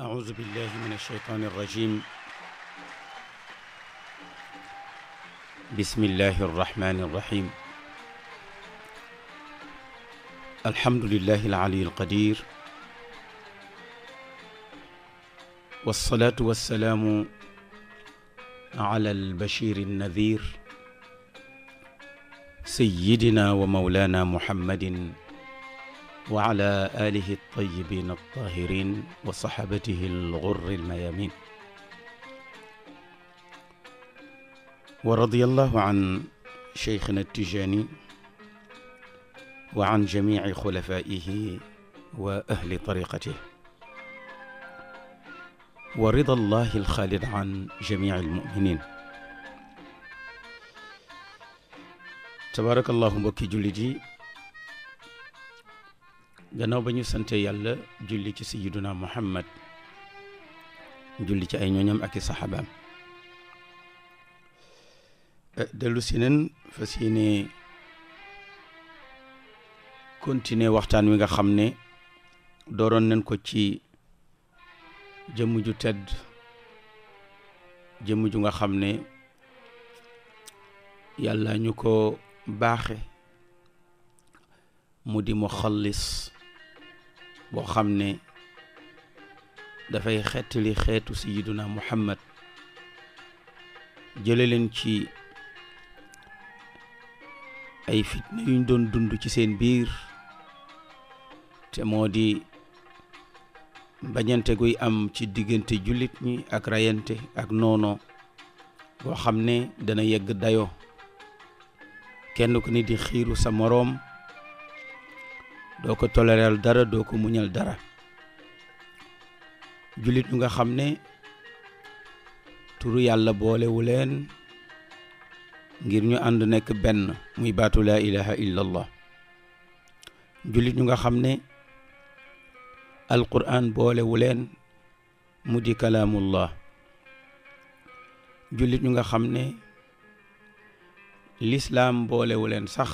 أعوذ بالله من الشيطان الرجيم بسم الله الرحمن الرحيم الحمد لله العلي القدير والصلاة والسلام على البشير النذير سيدنا ومولانا محمد وعلى آله الطيبين الطاهرين وصحابته الغر الميامين ورضي الله عن شيخنا التجاني وعن جميع خلفائه وأهل طريقته ورضا الله الخالد عن جميع المؤمنين تبارك الله بك جلجي gannaaw ba ñu santee yàlla julli ci sayyiduna muhammad julli ci ay ñooñam ak i saxaabaam eh, dellu si nen fas yéene continuer waxtaan wi nga xam ne dooroon nañ ko ci jëmm ju tedd jëmm ju nga xam ne yàlla ñu ko baaxe mu di mu xallis boo xam ne dafay xettali xeetu sayiduna muhammad jële leen ci ay fit yuñ doon dund ci seen biir te moo di bañante guy am ci diggante jullit mi ak rayante ak noono boo xam ne dana yegg dayoo kenn ku ne di xiiru sa moroom doo ko toléral dara doo ko muñal dara jullit ñu nga xam ne tur yàlla boolewu leen ngir ñu ànd nekk benn muy baatu laa ilaha illa jullit ñu nga xam ne alquran boolewu leen mu di kalaamullah jullit ñu nga xam ne lislaam boolewu leen sax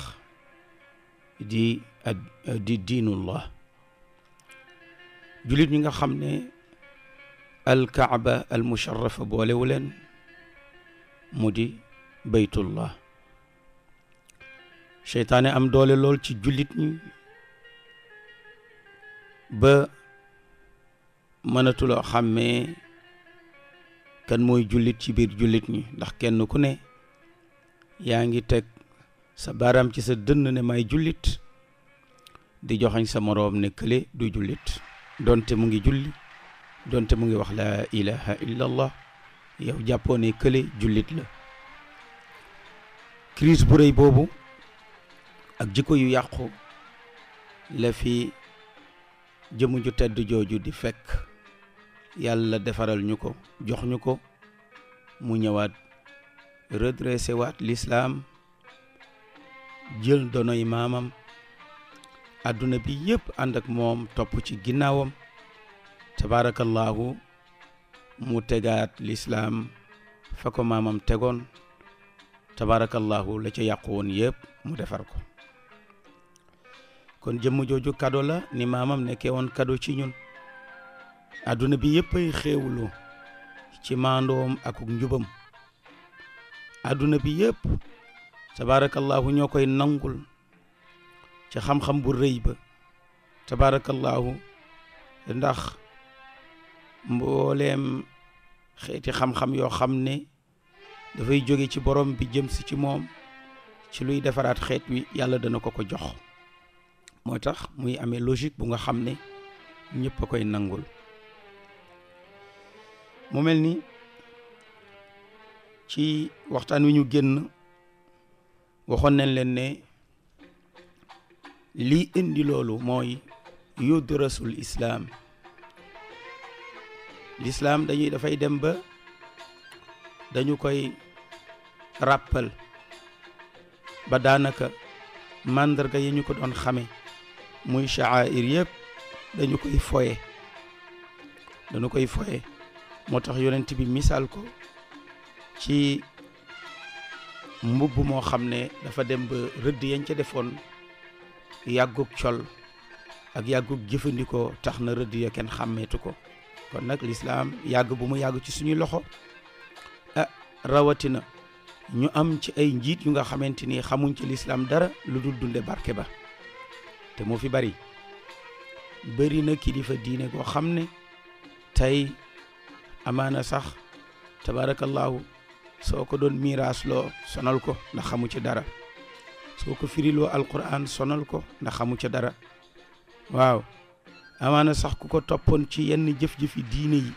di di dinullah julit ñi nga xam ne alkaaba almusharrafa boolewu leen mu di baytullah seytaane am doole lool ci jullit ñi ba mënatuloo xàmmee kan mooy jullit ci biir jullit ñi ndax kenn ku ne yaa ngi teg sa baram ci sa dënn ne may jullit di joxañ sa moroom ne kële du jullit donte mu ngi julli donte mu ngi wax laa ilaha illallah yow jàppoo ne kële jullit la crise bu rëy boobu ak jikko yu yàqu la fi jëmu ju tedd jooju di fekk yàlla defaral ñu ko jox ñu ko mu ñëwaat redressé waat lislaam jël donoy maamam àdduna bi yëpp ànd moom topp ci ginnaawam tabaarakallaahu mu tegaat lislaam fa ko maamam tegoon tabaarakallaahu la ca yàqu woon yëpp mu defar ko kon jëmm jooju kado la ni maamam nekkee woon kado ci ñun àdduna bi yëpp ay xéewlu ci maandoom akuk njubam àdduna bi yëpp tabaarakallaahu ñoo koy nangul ci xam-xam bu rëy ba tabaarakallaahu ndax mbooleem xeeti xam-xam yoo xam ne dafay jóge ci boroom bi jëm si ci moom ci luy defaraat xeet wi yàlla dana ko ko jox moo tax muy amee logique bu nga xam ne ñëpp a koy nangul mu mel ni ci waxtaan wi ñu génn waxoon nañ ne lii indi loolu mooy yudrasul islaam l'islaam dañuy dafay dem ba dañu koy rappel ba daanaka màndarga yi ñu ko doon xame muy sha'air yëpp dañu koy foye dañu koy foye moo tax yonent bi misaal ko ci mbubb moo xam ne dafa dem ba rëdd yañ ca defoon yàggug col ak yàggug jëfandikoo tax na rëdd ya kenn xàmmeetu ko kon nag lislaam yàgg bu mu yàgg ci suñu loxo ah rawatina ñu am ci ay njiit yu nga xamante ni xamuñ ci lislaam dara lu dul dunde barke ba te moo fi bari bëri na kilifa diine koo xam ne tey amaana sax tabaarakallaahu soo ko doon miiraas loo sonal ko ndax xamu ci dara soo ko firiloo alquran sonal ko ndax xamu ca dara waaw amaana sax ku ko toppoon ci yenn jëf-jëfi diine yi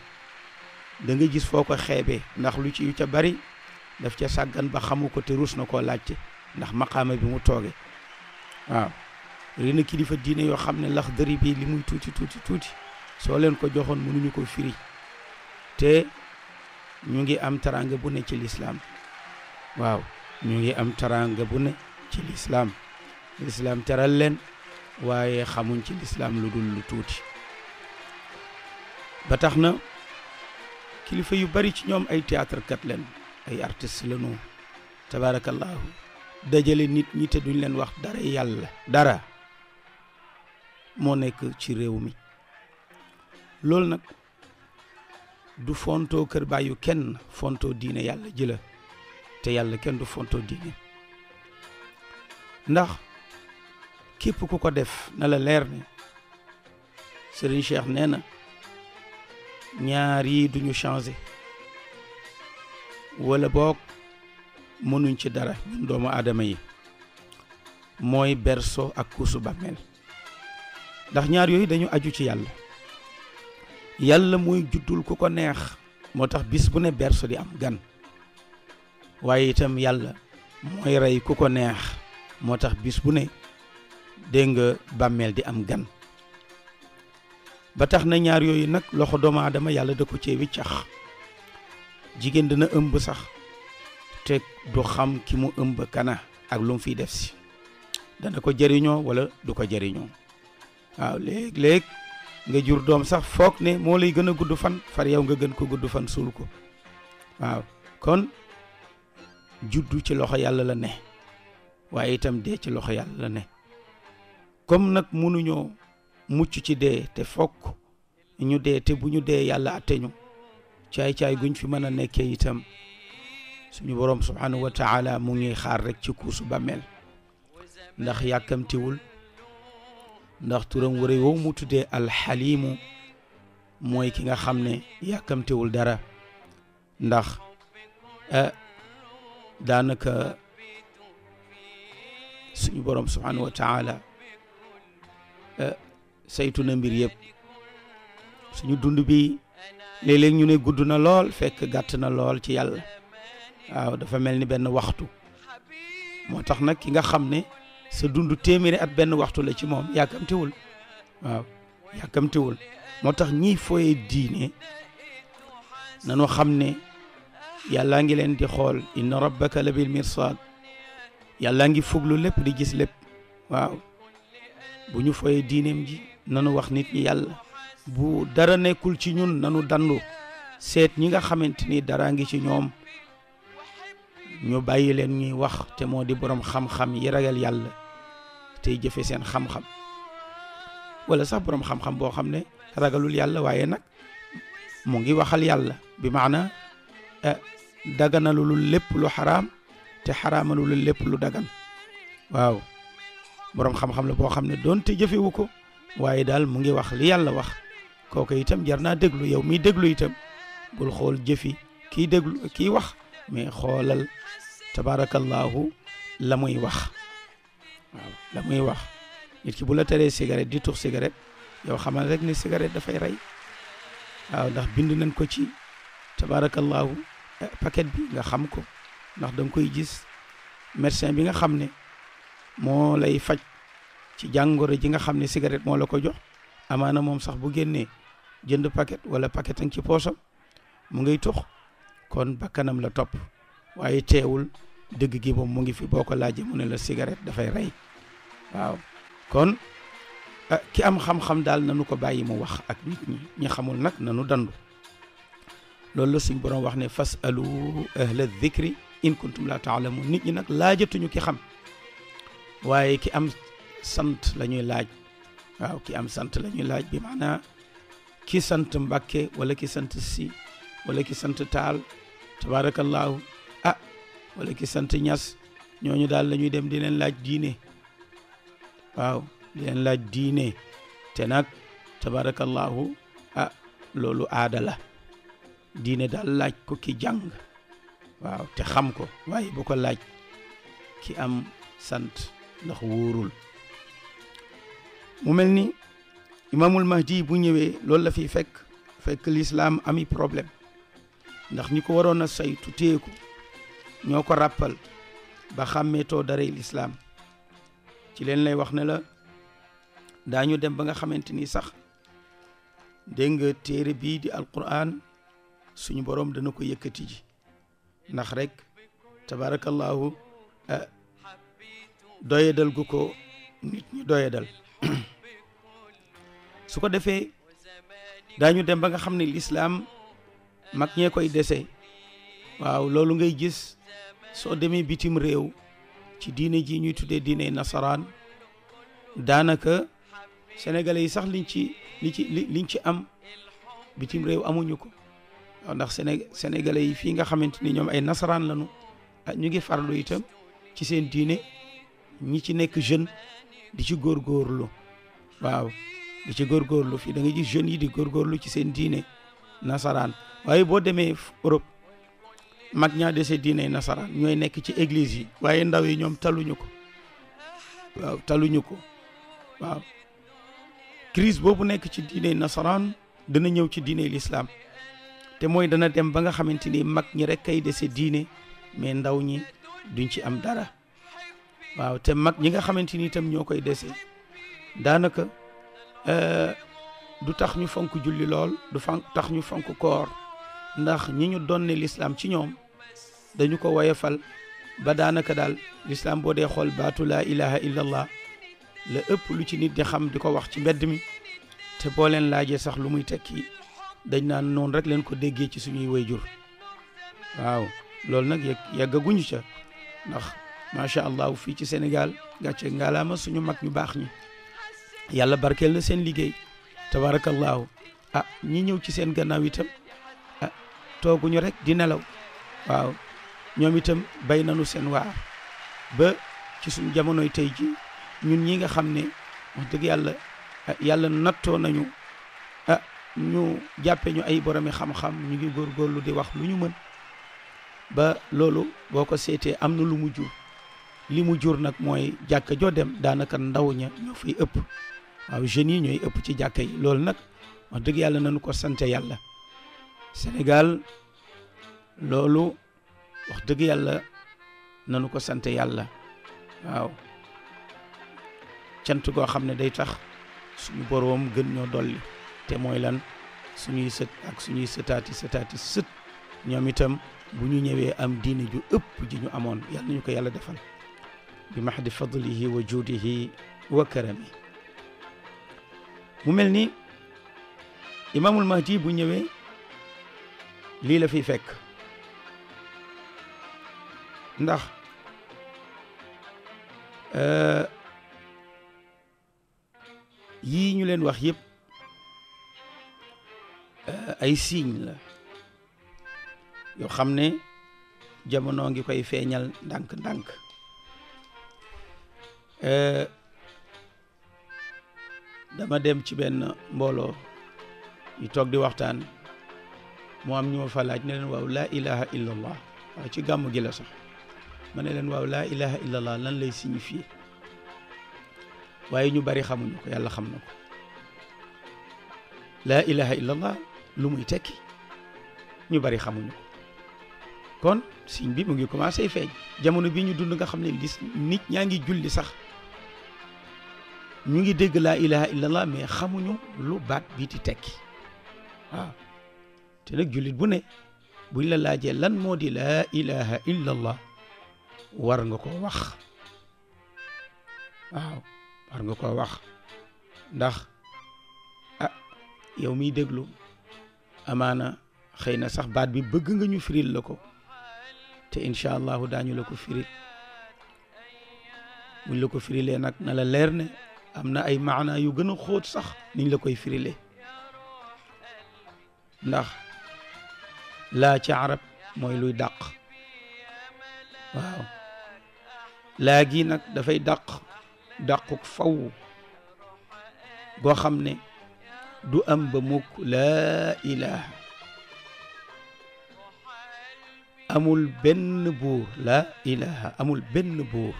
da gis foo ko xeebee ndax lu ci yu ca bari daf ca sàggan ba xamu ko te ruus na koo laajte ndax maqaama bi mu tooge waaw ri kilifa diine yoo xam ne lax dëri bi li muy tuuti tuuti tuuti soo leen ko joxoon mënuñu ko firi te ñu ngi am taraanga bu ne ci lislaam waaw ñu ngi am taraanga bu ne ci lislaam lislaam teral leen waaye xamuñ ci lislaam lu dul lu tuuti ba tax na kilifa yu bari ci ñoom ay théâtre leen ay artiste lañu tabaarakallaahu dajale nit ñi te duñ leen wax dara yàlla dara moo nekk ci réew mi loolu nag du fontoo kër bàyyu kenn fontoo diine yàlla ji la te yàlla kenn du fontoo diine ndax képp ku ko def na la leer ni Serigne Cheikh nee na ñaar yi duñu changé wala boog mënuñ ci dara ñun doomu aadama yi mooy berso ak kuusu bàmmeel ndax ñaar yooyu dañu aju ci yàlla yàlla mooy juddul ku ko neex moo tax bis bu ne berso di am gan waaye itam yàlla mooy rey ku ko neex moo bisbune bis bu ne dégg nga bàmmeel di am gan ba tax na ñaar yooyu nag loxo doomu aadama yàlla da ko cee wiccax jigéen dina ëmb sax te du xam ki mu ëmb kana ak lu mu fiy def si dana ko jëriñoo wala du ko jëriñoo waaw léeg-léeg nga jur doom sax foog ne moo lay gën a gudd fan far yow nga gën ko gudd fan suul ko waaw kon juddu ci loxo yàlla la ne waaye itam dee ci loxo yàlla ne comme nag mënuñoo mucc ci dee te fok ñu dee te bu ñu dee yàlla atte ñu caay-caay guñ fi mën a nekkee itam suñu boroom subhaanahu wa taala mu ngi xaar rek ci kuusu bàmmeel ndax yàkkamtiwul ndax turam wari wow mu tuddee alxaliimu mooy ki nga xam ne yàkkamtiwul dara ndax eh, daanaka suñu borom subhanahu wa taala saytu na mbir yëpp suñu dund bi léeg-léeg ñu ne gudd na lool fekk gàtt na lool ci yàlla waaw dafa mel ni benn waxtu moo tax nag ki nga xam ne sa dund téeméeri at benn waxtu la ci moom yàkkamtiwul waaw yàkkamtiwul moo tax ñiy fooye diine nanu xam ne yàllaa ngi leen di xool inna rabbaka la bil mirsad yàlla ngi fuglu lépp di gis lépp waaw bu ñu foyee diineem ji nanu wax nit ñi yàlla bu dara nekkul ci ñun nanu dandu seet ñi nga xamante ni dara ngi ci ñoom ñu bàyyi leen ñuy wax te moo di boroom xam-xam yi ragal yàlla tey jëfe seen xam-xam wala sax boroom xam-xam boo xam ne ragalul yàlla waaye nag mu ngi waxal yàlla bi maana eh, daganalul lépp lu xaraam te xaraamalu la lépp lu dagan waaw borom xam-xam la bo xamne ne doonte jëfewu ko waaye mu ngi wax li yàlla wax koko itam jarna déglu yow mi déglu itam bul xol jeffi ki déglu ki wax mais xolal tabarakallah la muy wax waaw la muy wax nit ki bu la tere cigarette di tour cigarette yow xamal rek ni cigarette fay ray waaw ndax bind nañ ko ci tabarakallah paquet bi nga xam ko ndax danga koy gis médecin bi nga xam ne moo lay faj ci jàngooro ji nga xam ne cigarette moo la ko jox amaana moom sax bu génnee jënd paquet wala paquet a ngi ci poosam mu ngay tux kon bakkanam la topp waaye teewul dëgg gi moom mu ngi fi boo ko laaj mu ne la cigarette dafay rey waaw kon ah, ki am xam-xam daal nanu ko bàyyi mu wax ak nit ñi ñi xamul nag nanu dandu loolu la suñ boroom wax ne fas alu ahla dhikri in kuntum la taalamun nit ñi nag laajatuñu ki xam waaye ki am sant lañuy laaj waaw ki am sant la ñuy laaj bi maanaa ki sant Mbàkke wala ki sant si wala ki sant taal tabaarakallaahu ah wala ki sant ñas ñooñu daal lañuy dem di leen laaj diine waaw di leen laaj diine te nag tabaarakallaahu ah loolu aada la diine daal laaj ko ki jàng waaw te xam ko waaye bu ko laaj ki am sant ndax wóorul mu mel ni imaamul mahdi bu ñëwee loolu la fiy fekk fekk lislaam ami problème ndax ñi ko waroon a saytu téyeku ñoo ko ràppal ba xàmmeetoo daray lislaam ci leen lay wax ne la daañu dem ba nga xamante ni sax dégg nga téere bii di alquran suñu boroom dana ko yëkkati ji ndax rek tabaarakallaahu eh, doyadal gu ko nit ñi doyadal su ko defee daañu dem ba nga xam ne lislaam mag ñee koy dese waaw loolu ngay gis soo demee bitim réew ci diine ji ñuy tuddee diine nasaraan daanaka sénégalais yi sax liñ ci li ci liñ ci am bitim réew amuñu ko ndax Séné sénégalais yi fii nga xamante ni ñoom ay nasaraan lañu ah, ñu ngi farlu itam ci seen diine ñi ci nekk jeune di ci góorgóorlu waaw di ci góorgóorlu fii da nga gis jeunes yi di góorgóorlu ci seen diine nasaraan waaye boo demee Europe mag ñaa dese diine nasaraan ñooy nekk ci église yi waaye ndaw yi ñoom taluñu ko waaw taluñu ko waaw crise boobu nekk ci diine nasaraan dana ñëw ci diine lislaam te mooy dana dem ba nga xamante ni mag ñi rek kay dese diine mais ndaw ñi duñ ci am dara waaw te mag ñi nga xamante ni itam ñoo koy dese daanaka euh, du tax ñu fonk julli lool du fan tax ñu fonk koor ndax ñi ñu donne lislaam ci ñoom dañu ko woyefal ba daanaka daal lislaam boo dee xool baatu laa ilaha illallah la ëpp lu ci nit di xam di ko wax ci mbedd mi te boo leen laajee sax lu muy tekki dañ naan noonu rek leen ko déggee ci suñuy wayjur waaw loolu nag yegg yeggaguñu ca ndax macha allah fii ci Sénégal gàcce ngaalaama suñu mag ñu baax ñi yàlla barkeel na seen liggéey tabaarakallaahu ah ñi ñëw ci seen gannaaw itam ah tooguñu rek di nelaw waaw ñoom itam bay nañu seen waar ba ci suñu jamonoy tey ji ñun ñi nga xam ne wax dëgg yàlla ah, yàlla nattoo nañu ñu jàppe ñu ay boromi xam-xam ñu ngi góor góorgóorlu di wax lu ñu mën ba loolu boo ko seetee am na lu mu jur li mu jur nag mooy jàkka joo dem daanaka ndaw ña ñoo fay ëpp waaw jeunes yi ñooy ëpp ci jàkka yi loolu nag wax dëgg yàlla nañu ko sant yàlla Sénégal loolu wax dëgg yàlla nañu ko sant yàlla waaw cant goo xam ne day tax suñu boroom gën ñoo dolli te mooy lan suñuy sët ak suñuy sëtaati sëtaati sët ñoom itam bu ñu ñëwee am diine ju ëpp ji ñu amoon yàlla nañu ko yàlla defal bi mahdi fadlihi wa juudihi wa karami mu mel ni mahdi bu ñëwee lii la fi fekk ndax yii ñu leen wax yëpp Euh, ay signes la yoo xam ne jamono ngi koy feeñal ndànk-ndànk euh, dama dem ci benn mbooloo ñu toog di waxtaan mu am ñu ma fa laaj ne leen waaw laa ilaha illallah waaw ci gàmm gi sax ma leen waaw laa ilaha illallah lan lay signifier waaye ñu bari xamuñu ko yàlla xam na ko laa ilaha illallah lu muy tekki ñu bari xamuñu kon signe bi mu ngi commencé feeñ jamono bi ñu dund nga xam ne gis nit ñaa ngi julli sax ñu ngi dégg laa ilaha illallah mais xamuñu lu baat bii di tekki waaw te nag jullit bu ne buñ la laajee lan moo di laa ilaha illallah war nga ko wax waaw war nga ko wax ndax ah yow miy déglu amana xeyna sax baat bi bëgg nga ñu firil la ko te insha allah dañu la ko firil buñ la ko firilee nag na la leer ne am na ay maana yu gën a xóot sax niñ la koy firilee ndax laa ci arab mooy luy dàq waaw laa gi nag dafay dàq dàquk faw goo xam ne du am ba mukk laa ilaha amul benn buur laa ilaha amul benn buur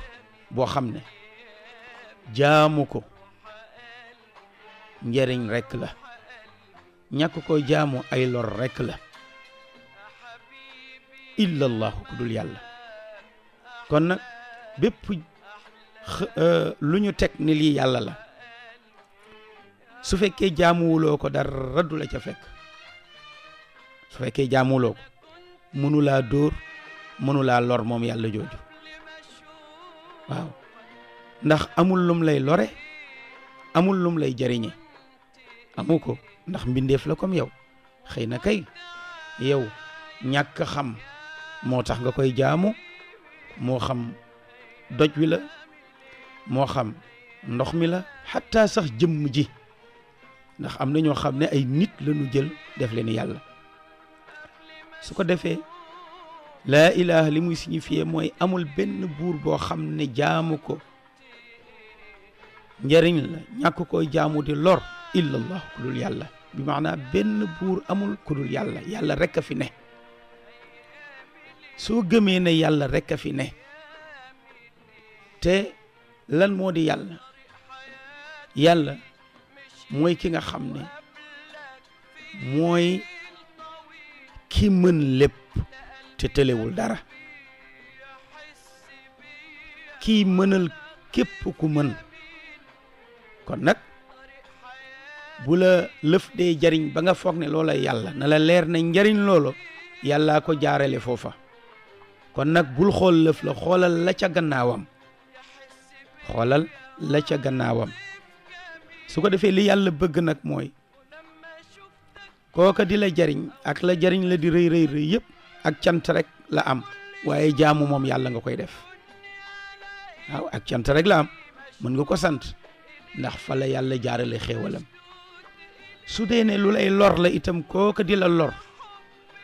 boo xam ne jaamu ko njëriñ rekk la ñàkk ko jaamu ay lor rekk la illallahu ku dul yàlla kon nag bépp euh, lu ñu teg ni lii yàlla la su fekkee jaamuwuloo ko dara du la ca fekk su fekkee jaamuwuloo ko mënulaa dóor mënulaa lor moom yàlla jooju waaw ndax amul lum lay lore amul lum lay jariñe amu ko ndax mbindeef la comme yow xëy na kay yow ñàkk xam moo tax nga koy jaamu moo xam doj wi la moo xam ndox mi la xataa sax jëmm ji ndax am na ñoo xam ne ay nit lañu jël def leen yàlla su ko defee la ilaha li muy signifier mooy amul benn buur boo xam ne jaamu ko njariñ la ñàkk koy jaamu di lor illallah ku dul yàlla bi maanaa benn buur amul ku dul yàlla yàlla rek a fi ne soo gëmee ne yàlla rek a fi ne te lan moo di yàlla yàlla mooy ki nga xam ne mooy ki mën lépp te tëlewul dara kii mënal képp ku mën kon nag bu la lëf dee jariñ ba nga foog ne loola yàlla na la leer na njariñ loolo yàllaa ko jaarale foofa kon nag bul xool lëf la xoolal la ca gannaawam xoolal la ca gannaawam su ko defee li yàlla bëgg nag mooy kooka di la jariñ ak la jariñ la di rëy rëy rëy yëpp ak cant rek la am waaye jaamu moom yàlla nga koy def waaw cant rek la mën nga ko sant ndax fa la yàlla la xéewalam su dee ne lu lay lor la itam kooka di la lor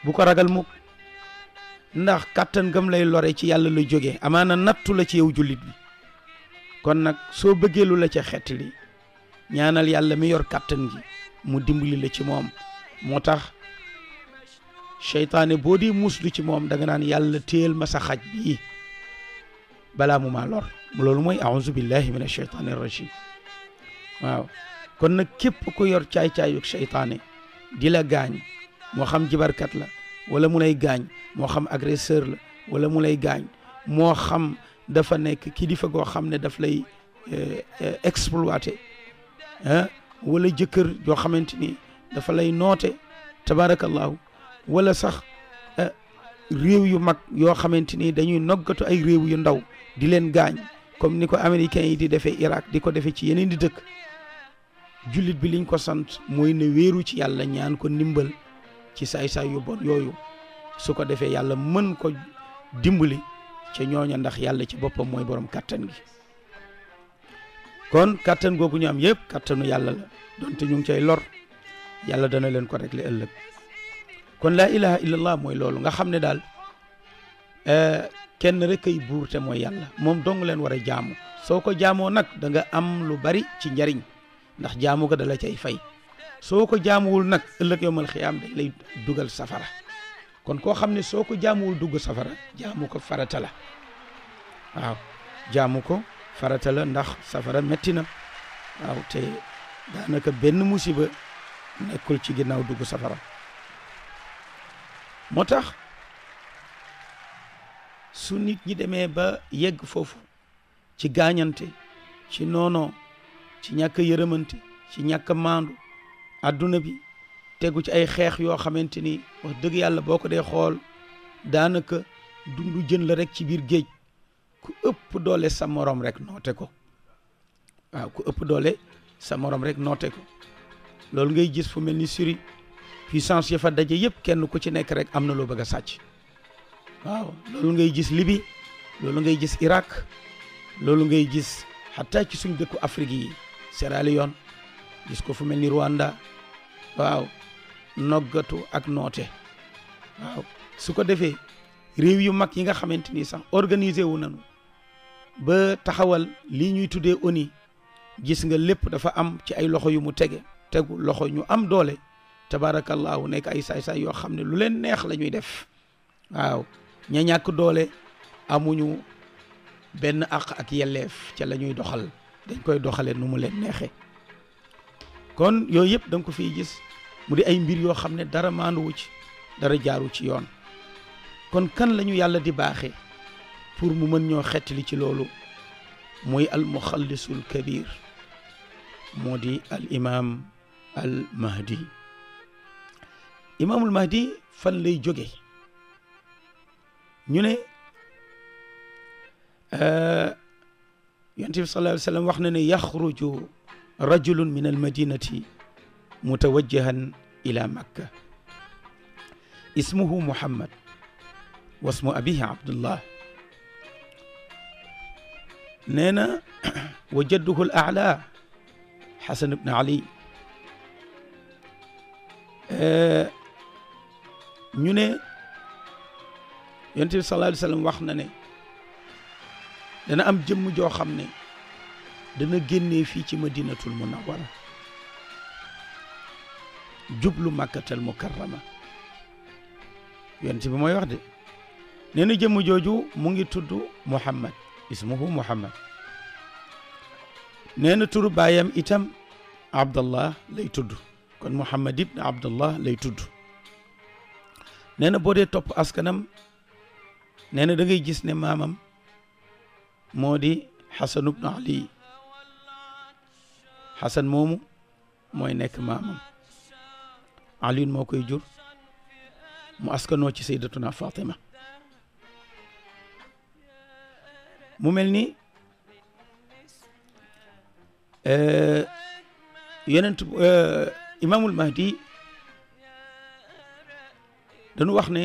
bu ko ragal mukk ndax kàttan gam lay lore ci yàlla la jógee amaana nattu la ci yow jullit bi kon nag soo bëggee lu la ci ca xettali ñaanal yàlla mi yor kàttan gi mu dimbali la ci moom moo tax seytaane boo dee muslu ci moom da nga naan yàlla téel ma sa xaj bi balaa mu maa lor loolu mooy aouzu billahi min asheytaani rajim waaw kon nag képp ku yor caay-caayug seytaane di la gaañ moo xam jibarkat la wala mu lay gaañ moo xam agresseur la wala mu lay gaañ moo xam dafa nekk kii kilifa goo xam ne daf lay euh, euh, exploité Eh? wala jëkkër joo xamante ni dafa lay noote tabaarakallaahu wala sax eh, réew yu mag yoo xamante ni dañuy noggatu ay réew yu ndaw di leen gaañ comme ni ko américains yi di defee Irak di ko defee ci yeneen di dëkk jullit bi liñ ko sant mooy ne wéeru ci yàlla ñaan ko ndimbal ci saay-saay yu bon yooyu su ko defee yàlla mën ko dimbali ca ñooña ndax yàlla ci boppam mooy borom kàttan gi kon kattan googu ñu am yëpp kattanu yàlla la donte ñu ngi cay lor yàlla dana leen ko régler ëllëg kon laa ilaha illallah mooy loolu nga xam ne daal eh, kenn rek ay buur te mooy yàlla moom dong leen war a jaamu soo ko jaamoo nag danga am lu bari ci njariñ ndax jaamu ko dala cay fay soo ko jaamuwul nag ëllëg yowmal xiyaam dañ lay dugal safara kon koo xam ne soo ko jaamuwul dugg safara jaamu ko farata la waaw jaamu ko farata la ndax safara metti na waaw te daanaka benn musiba nekkul ci ginnaaw dugg safara moo tax su nit ñi demee ba yegg foofu ci gaañante ci noonoo ci ñàkk yërëmante ci ñàkk maandu adduna bi tegu ci ay xeex yoo xamante ni wax dëgg yàlla boo ko dee xool daanaka dundu jën la rek ci biir géej ku ëpp doole sa morom rek noote ko waaw ku ëpp doole sa morom rek noote ko loolu ngay gis fu mel ni suri puissance ya fa daje yëpp kenn ku ci nekk rek am na loo bëgg a sàcc waaw loolu ngay gis libi loolu ngay gis Irak loolu ngay gis xataa ci suñ dëkku Afrique yi Sierra Leone gis ko fu mel ni Rwanda waaw noggatu ak noote waaw su ko defee réew yu mag yi nga xamante ni sax organisé wu nañu ba taxawal lii ñuy tuddee ONU gis nga lépp dafa am ci ay loxo yu mu tege tegu loxo ñu am doole tabaarakallaahu nekk ay saay-saay yoo xam ne lu leen neex la ñuy def waaw ña ñàkk doole amuñu benn àq ak yelleef ca la ñuy doxal dañ koy doxalee nu mu leen neexee kon yooyu yëpp da ko fiy gis mu di ay mbir yoo xam ne dara maanduwu ci dara jaaru ci yoon kon kan la yàlla di baaxee pour mu mën ñoo xettali ci loolu mooy al muxallisul kabir moo di al imam al mahdi al mahdi fan lay jóge ñu ne yonent bi sallallahu alayhi wa sallam wax na ne yaxruju rajulun min al madinati mutawajjahan ila makka ismuhu muhammad wasmu abihi abdullah نينا وجده الأعلى حسن بن علي نيني اه ينتبه صلى الله عليه وسلم وخنا ني دنا أم جم جو خمني دنا جيني في مدينة المنورة جبل مكة المكرمة ينتبه ما يوحد نيني جم جوجو مونجي تدو محمد اسمه محمد نين تور بايام ايتام عبد الله لي تود كون محمد ابن عبد الله لي تود نين بودي توب اسكنم نين داغي جيس ني مامام مودي حسن بن علي حسن مومو موي نيك مامام علي موكاي جور مو اسكنو سيدتنا فاطمه mu mel ni eh, yonent eh, imaamul mahdi dañu wax ne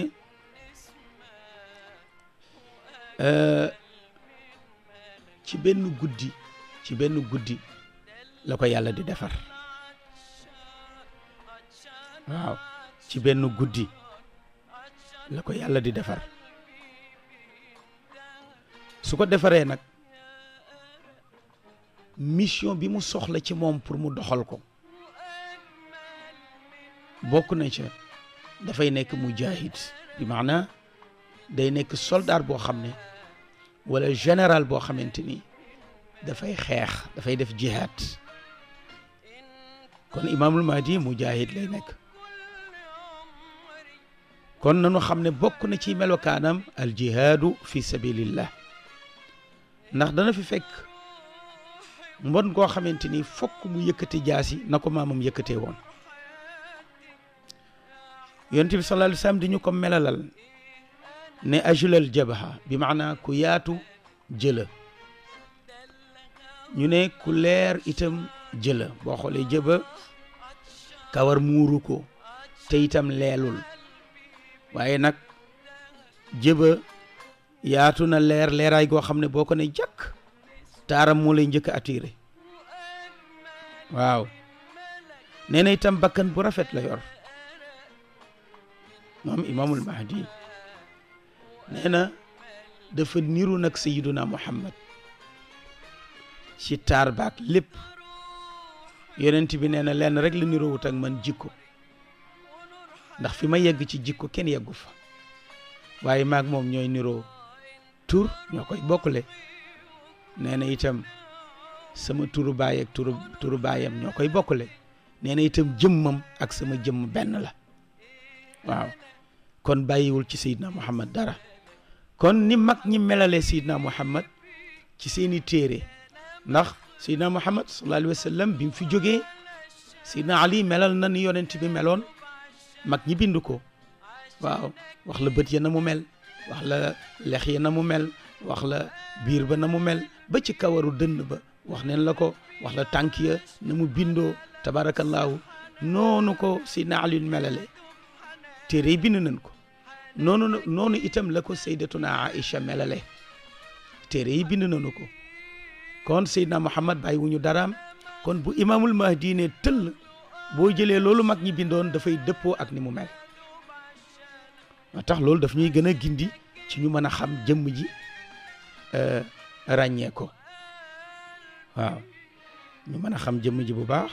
eh, ci benn guddi ci benn guddi la ko yàlla di defar waaw ci benn guddi la ko yàlla di defar suko defare nak mission bi mu soxla ci mom pour mu doxal ko bokku na ci da fay nek mujahid bi makna day nek soldat bo xamne wala général bo xamanteni da fay xex da fay def jihad kon imamul mahdi mujahid lay nek kon nanu xamne bokku na ci melokanam al jihad fi sabilillah ndax dana fi fekk mbon koo xamante ni fokk mu yëkkati jaasi na ko maamam yëkkatee woon yonent bi sallallahu alayhi wasallam di ñu ko melalal ne ajulal jabaha bi maana ku yaatu jëla ñu ne ku leer itam jëla boo xoolee jëba kawar muuru ko te itam leelul waaye nag jëba yaatu na leer leeraay goo xam ne boo ko ne jàkk taaram moo lay njëkk atire waaw neena itam bakkan bu rafet la yor moom imaamul mahdi nee na dafa niru nag sayiduna muhammad ci taar baak lépp yonent bi nee na lenn rek la niroowut ak man jikko ndax fi ma yegg ci jikko kenn yeggu fa waaye maag moom ñooy niroo tur ñoo koy bokkule nee na itam sama turu baayam ñoo koy bokkule neena na itam jëmmam ak sama jëmm benn la waaw kon bàyyiwul ci Seydina Muhammad dara kon ni mag ñi melale Seydina Muhammad ci seeni téere ndax Seydina Muhammad sallallahu alayhi wa fi jógee Seydina Ali melal na ni yonent bi meloon mag ñi bind ko waaw wax la bët mu mel wax la lex yi na mu mel wax la biir ba na mu mel ba ci kawaru dënn ba wax neen la ko wax la tànk ya na mu bindoo tabaarakallaahu noonu ko si naalin melale téere bind nañ ko noonu noonu itam la ko saydatuna Aïcha melale téere yi bind nañu ko kon Seydina Muhammad bàyyi wuñu daraam kon bu imaamul mahdi ne tëll boo jëlee loolu mag ñi bindoon dafay dëppoo ak ni mu mel moo tax loolu daf ñuy gën a gindi ci ñu mën a xam jëmm ji euh, ràññee ko waaw ñu mën a xam jëmm ji bu baax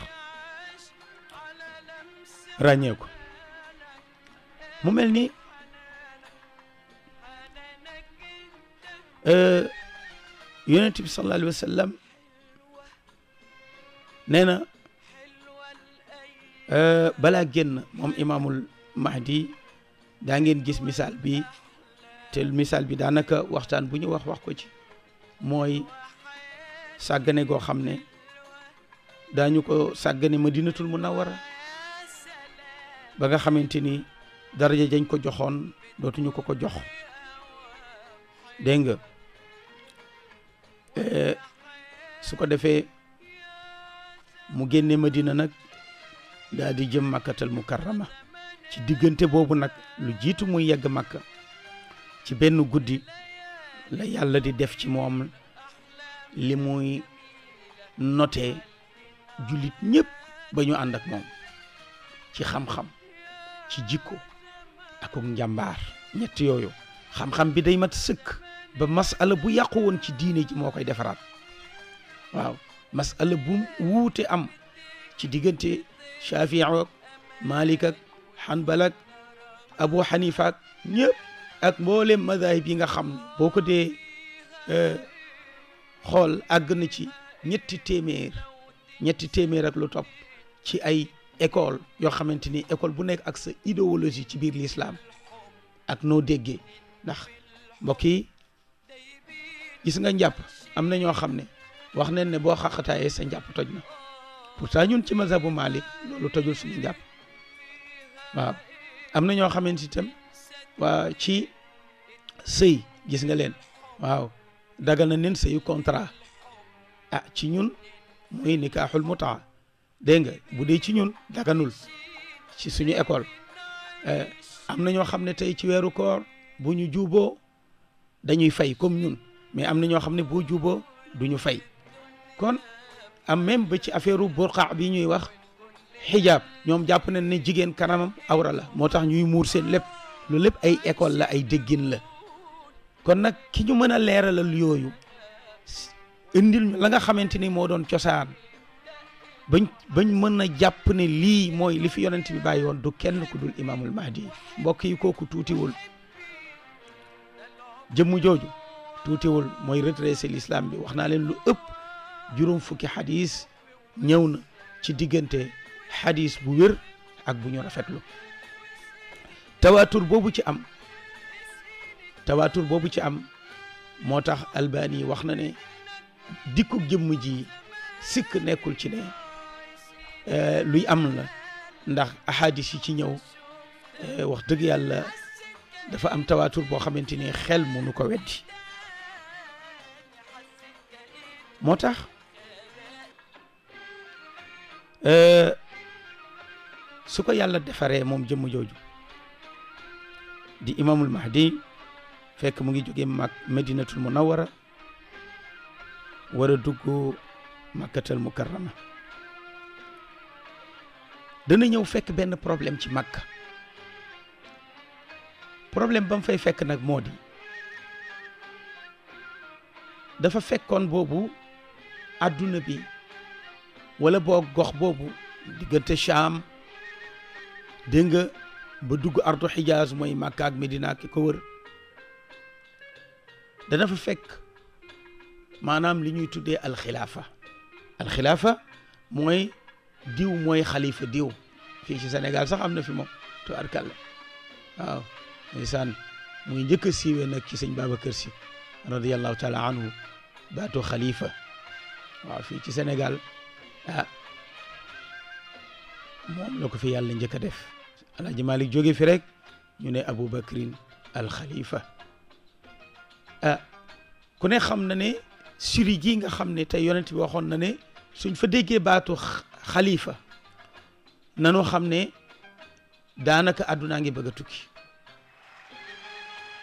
ràññee ko mu mel ni euh, yonent bi sallallahu alayhi wa sallam nee na euh, balaa génn moom imaamul mahdi daa ngeen gis misaal bi te misaal bi daanaka waxtaan bu ñu wax wax ko ci mooy sàggane goo xam ne daañu ko sàggane ma dinatul mu madinatul munawwara ba nga xamante ni daraja jañ ko joxoon dootuñu ko ko jox dégg nga eh, su ko defee mu génne dina nag daal di jëm makkatal mukarrama ci diggante boobu nag lu jiitu muy yegg Makka ci benn guddi la yàlla di def ci moom li muy noté jullit ñépp ba ñu ànd ak moom ci xam-xam ci jikko ak njàmbaar ñett yooyu xam-xam bi day mat sëkk ba masala bu yàqu ci diine ji moo koy defaraat waaw masala bu wuute am ci diggante Shaafi ak Maalik ak xanbalak abu xanifa ak اك ak mboolem mazahib yi nga xam ne boo ko dee xool àgg na ci ñetti téeméer ñetti téeméer ak lu topp ci ay école yoo xamante ni école bu nekk ak sa idéologie ci biir l'islam ak gis nga njàpp am na ñoo wax nañ ne boo xaqataayee sa pourtant ñun ci mazhabu Malik lolu tojul suñu njàpp waaw am na ñoo xamante itam waa ci sëy gis nga leen waaw dagal na leen sëyu contrat a ah, ci ñun mooy nikaaxul mutaa dégg nga bu dee ci ñun daganul ci suñu école eh, am na ñoo xam ne tey ci weeru koor bu ñu juuboo dañuy fay comme ñun mais am na ñoo xam ne boo juuboo du ñu fay kon am même ba ci affaire burqa bi ñuy wax xijaab ñoom jàpp nañ ne jigéen kanamam awra la moo tax ñuy muur seen lépp lu lépp ay école la ay déggin la kon nag ki ñu mën a leeralal yooyu indil la nga xamante ni moo doon cosaan bañ bañ mën a jàpp ne lii mooy li fi yonent bi bàyyi woon du kenn ku dul imaamul mahdi mbokk yi kooku tuutiwul jëmm jooju tuutiwul mooy redressé l'islam bi wax naa leen lu ëpp juróom fukki xadis ñëw na ci diggante xadis bu wér ak bu ñu rafetlu tawaatur boobu ci am tawaatur boobu ci am moo tax albani wax na ne dikku jëmm ji sikk nekkul ci ne eh, luy am la ndax ahadis yi ci ñëw eh, wax dëgg yàlla dafa am tawaatur boo xamante ni xel mënu ko weddi moo tax eh, su ko yàlla defaree moom jëmm jooju di imamul mahdi fekk mu ngi jóge mak medinatul munawwara war a dugg makkatal mukarrama dana ñëw fekk benn problème ci makka problème ba mu fay fekk nag moo di dafa fekkoon boobu adduna bi wala boo gox boobu diggante cham dégg nga ba dugg ardu hijaz mooy Makka ak Medina ki ko wër dana fa fekk maanaam li ñuy tuddee al khilafa mooy diw mooy xalifa diw fii ci Sénégal sax am na fi moom tu arkalla waaw ndeysaan muy njëkk a siiwee nag ci sëñ Babacar Si radiallahu taala anhu baatu xalifa waaw fii ci Sénégal ah mom lako fi yàlla ñëk def alaaji malik jóge fi rek ñu ne Aboubacrin al Khalifa ah ku ne xam na ne suri gi nga xam ne tay yonent bi waxon na ne suñ fa déggé baatu khalifa nañu xam ne danaka aduna ngi bëgg tukki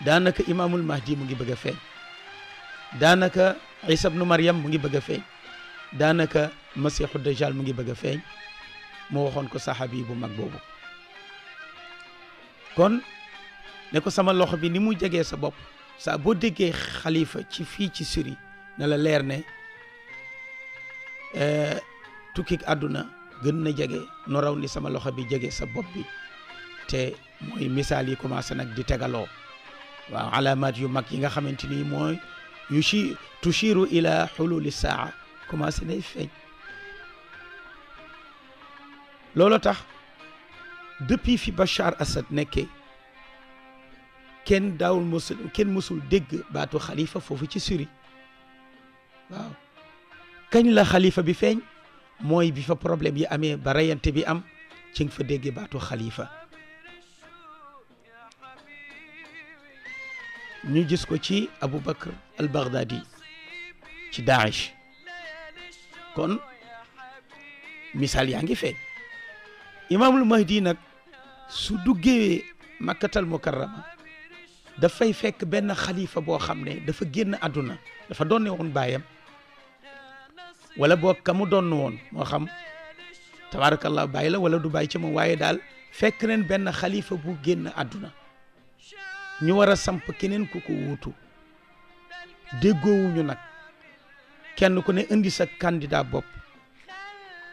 danaka imamul mahdi mu ngi bëgg fe danaka isa ibn maryam mu ngi bëgg fe danaka daanaka masiixu dajjal mu ngi bëgg fe moo waxoon ko saxaabi bu mag boobu kon ne ko sama loxo bi ni mu jegee sa bopp saa boo déggee xalifa ci fii ci Syrie na la leer ne eh, tukkik àdduna gën na jege no raw ni sama loxo bi jege sa bopp bi te mooy misaal yi commencé nag di tegaloo waaw alaamaat yu mag yi nga xamante ni mooy yu ci tushiru ila xululi saa commencé nay feeñ loolu tax depuis fi Bachar Assad nekkee kenn daawul mosul kenn mosul dégg baatu xalifa foofu ci Syrie waaw kañ la xalifa bi feeñ mooy bi fa problème yi amee ba rayante bi am ci nga fa déggee baatu xalifa ñu gis ko ci Aboubacar al Baghdadi ci Daesh kon misaal yaa ngi feeñ imaamul mahdi nak su duggee makkatal mukarrama fay fekk ben khalifa bo xamné ne dafa génn àdduna dafa donne won bayam wala bok kamu don won mo xam tabarakallah bàyyi wala du bay ci mo waye dal fekk nen ben khalifa bu génn aduna ñu wara samp kenen ku ko wuutu déggoowuñu nak kenn ku ne indi sa candidat bop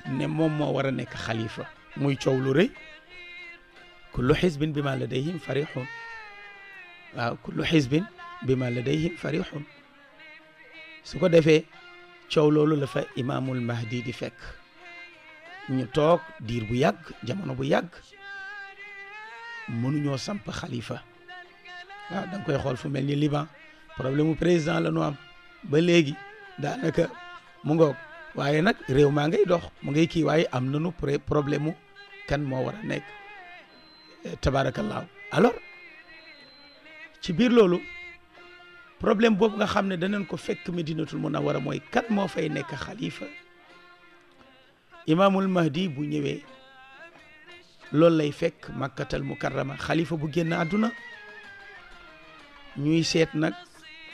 ne mom mo wara nek khalifa موي تشاولوري كل حزب بما لديهم فريح كل حزب بما لديهم فريح سوكو ديفي تشاولولو لفا امام المهدي دي فك ني توك دير بو ياغ جامونو بو ياغ منو سامب خليفه wa dang koy xol fu melni liban problème président la no am ba légui da naka mu ngok waye nak rew ma ngay dox mu ngay ki waye am nañu problème kan moo war a nekk eh, tabaarakallaahu alors ci biir loolu problème boobu nga xam ne danañ ko fekk Medinatul war a mooy kan moo fay nekk xalifa imaamul mahdi bu ñëwee loolu lay fekk makkatal mukarrama xalifa bu génn àdduna ñuy seet nag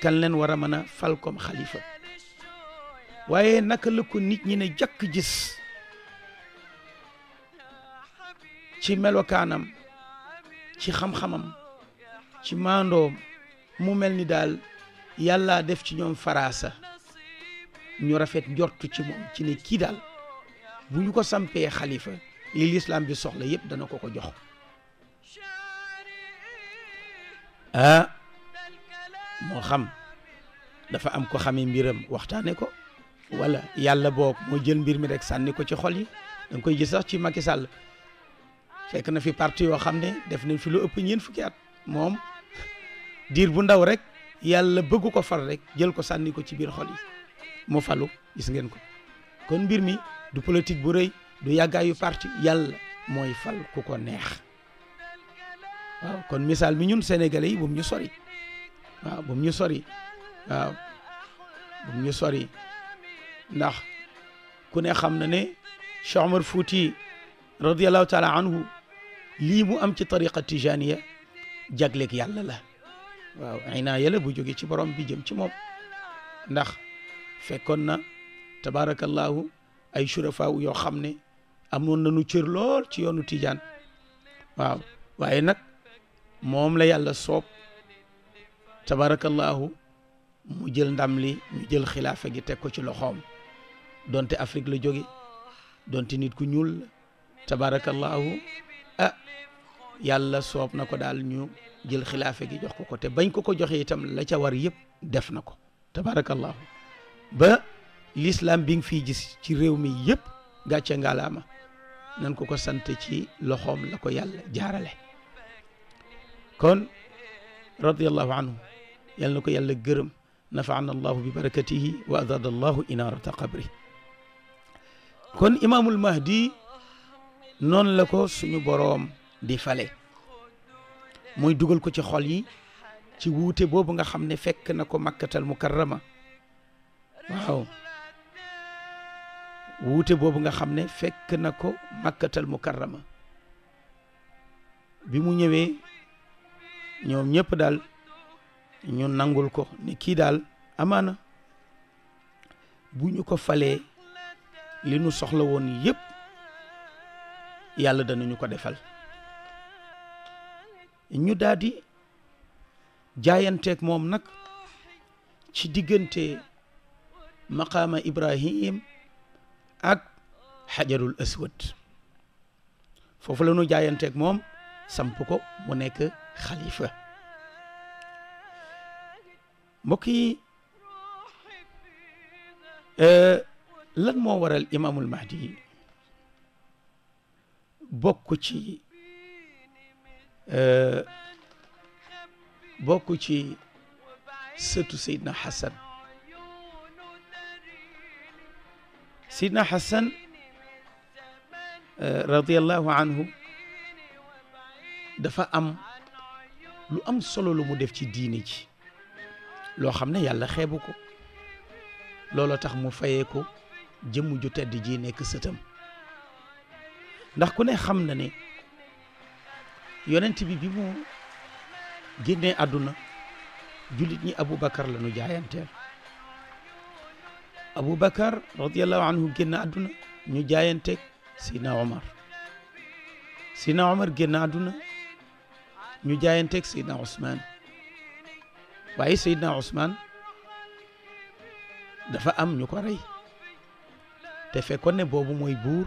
kan leen war a mën a fal kom xalifa waaye naka la ko nit ñi ci melokaanam ci xam-xamam ci mando mu mel ni daal yàlla def ci ñoom faraasa ñu rafet jortu ci moom ci ne kii daal bu ñu ko sampee xalifa li lislaam bi soxla yépp dana ko ko jox ah moo xam dafa am ko xamee mbiram waxtaane ko wala yàlla boog moo jël mbir mi rek sànni ko ci xol yi da koy gis sax ci Macky Sall fekk na fi parti yoo xam ne def nañ fi lu ëpp ñeent fukki at moom diir bu ndaw rek yàlla bëgg ko fal rek jël ko sànni ko ci biir xol yi mu falu gis ngeen ko kon mbir mi du politique bu rëy du yàggaayu parti yàlla mooy fal ku ko neex waaw kon misaal mi ñun sénégalais yi bu mu ñu sori waaw bu mu ñu sori waaw ñu sori ndax ku ne xam na ne Cheikh Omar Fouti radiyallahu taala anhu lii mu am ci tariqa tijaniya jagleeg yàlla la waaw naa la bu jóge ci borom bi jëm ci moom ndax fekkoon na tabarakallahu ay shurafa yoo xam ne amoon nañu cër lool ci yoonu tijaan waaw waaye nag moom la yàlla soob tabarakallahu mu jël ndam li ñu jël xilaafa gi teg ko ci loxoom donte Afrique la jóge donte nit ku ñuul la tabarakallahu ah yàlla soob na ko daal ñu jël xilaafe gi jox ko ko te bañ ko ko joxe itam la ca war yëpp def na ko tabarakallahu ba lislaam bi nga fiy gis ci réew mi yëpp gàcce ngalaama nan ko ko sant ci loxoom la ko yàlla jaarale kon radiallahu anhu yal ko yàlla gërëm nafa nafaana allahu bi barakatihi wa azada allahu inaarata qabri kon imaamul mahdi noonu la ko suñu boroom di fale muy dugal ko ci xol yi ci wuute boobu nga xam ne fekk na ko makkatal mukarrama waaw wuute boobu nga xam ne fekk na ko makkatal mukarrama bi mu ñëwee ñoom ñëpp daal ñu nangul ko ne kii daal amaana bu ñu ko falee li nu soxla woon yëpp yàlla danañu ko defal ñu daldi jaayanteeg moom nag ci diggante maqaama Ibrahim ak xajarul aswad foofu la ñu jaayanteeg moom samp ko mu nekk xalifa mbokk yi euh, lan moo waral imaamul mahdi بوكوشي بوكوشي سيدنا حسن سيدنا حسن رضي الله عنه دفا ام لو ام سولو لو مو ديف سي ديني جي لو خامنا يالا خيبوكو لولو تخ مو فاييكو جيمو جو تيد جي نيك ndax ku ne xam na ne yonent bi bi mu génnee àdduna jullit ñi Aboubacar la ñu jaayanteel Aboubacar radiallahu anhu génn àdduna ñu jaayanteeg Sina Omar Sina Omar génn àdduna ñu jaayanteeg Sina Ousmane waaye Sina Ousmane dafa am ñu ko rey te fekkoon boobu mooy buur.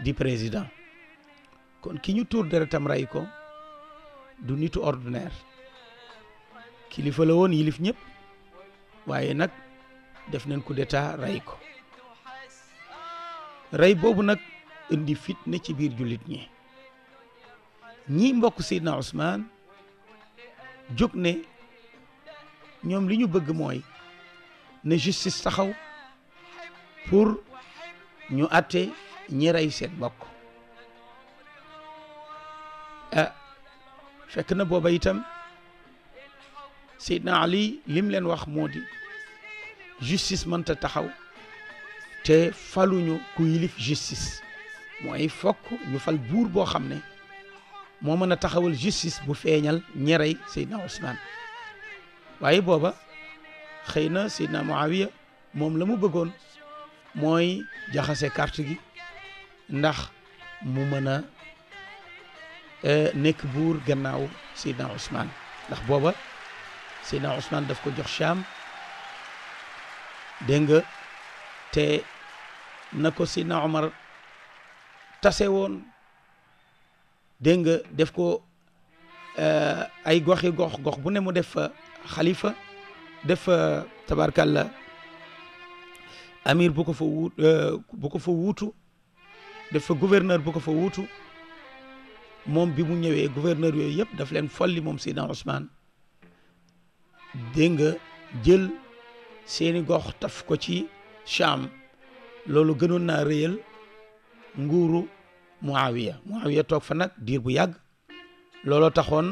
di président kon ki ñu tuur deretam rey ko du nitu ordinaire kilifa la woon yilif ñëpp waaye nag def nañ coup d'état rey ko boobu nag indi fitna ci biir jullit ñi ñii mbokk Seydina Ousmane jóg ne ñoom li ñu bëgg mooy ne justice taxaw pour ñu àtte ñi rey seen bokk ah fekk na booba itam Seydina Ali lim leen wax moo di justice mënta taxaw te faluñu ku yilif justice mooy fokk ñu fal buur boo xam ne moo mën a taxawal justice bu feeñal ñi rey Seydina Ousmane waaye booba xëy na Seydina Muawiya moom la mu bëggoon mooy jaxase carte gi ndax mu mën a nekk buur gannaaw Seydina Ousmane ndax booba Seydina Ousmane daf ko jox Cham dégg nga te na ko Seydina Omar tase woon dégg nga def ko ay goxi gox gox bu ne mu def fa xalifa def fa tabarkàlla amir bu ko fa wuut bu ko fa wuutu def fa gouverneur bu ko fa wuutu moom bi mu ñëwee gouverneur yooyu yëpp daf leen folli moom Seydina Ousmane dégg nga jël seeni gox taf ko ci Cham loolu gënoon naa réyal nguuru Muawiya Muawiya toog fa nag diir bu yàgg looloo taxoon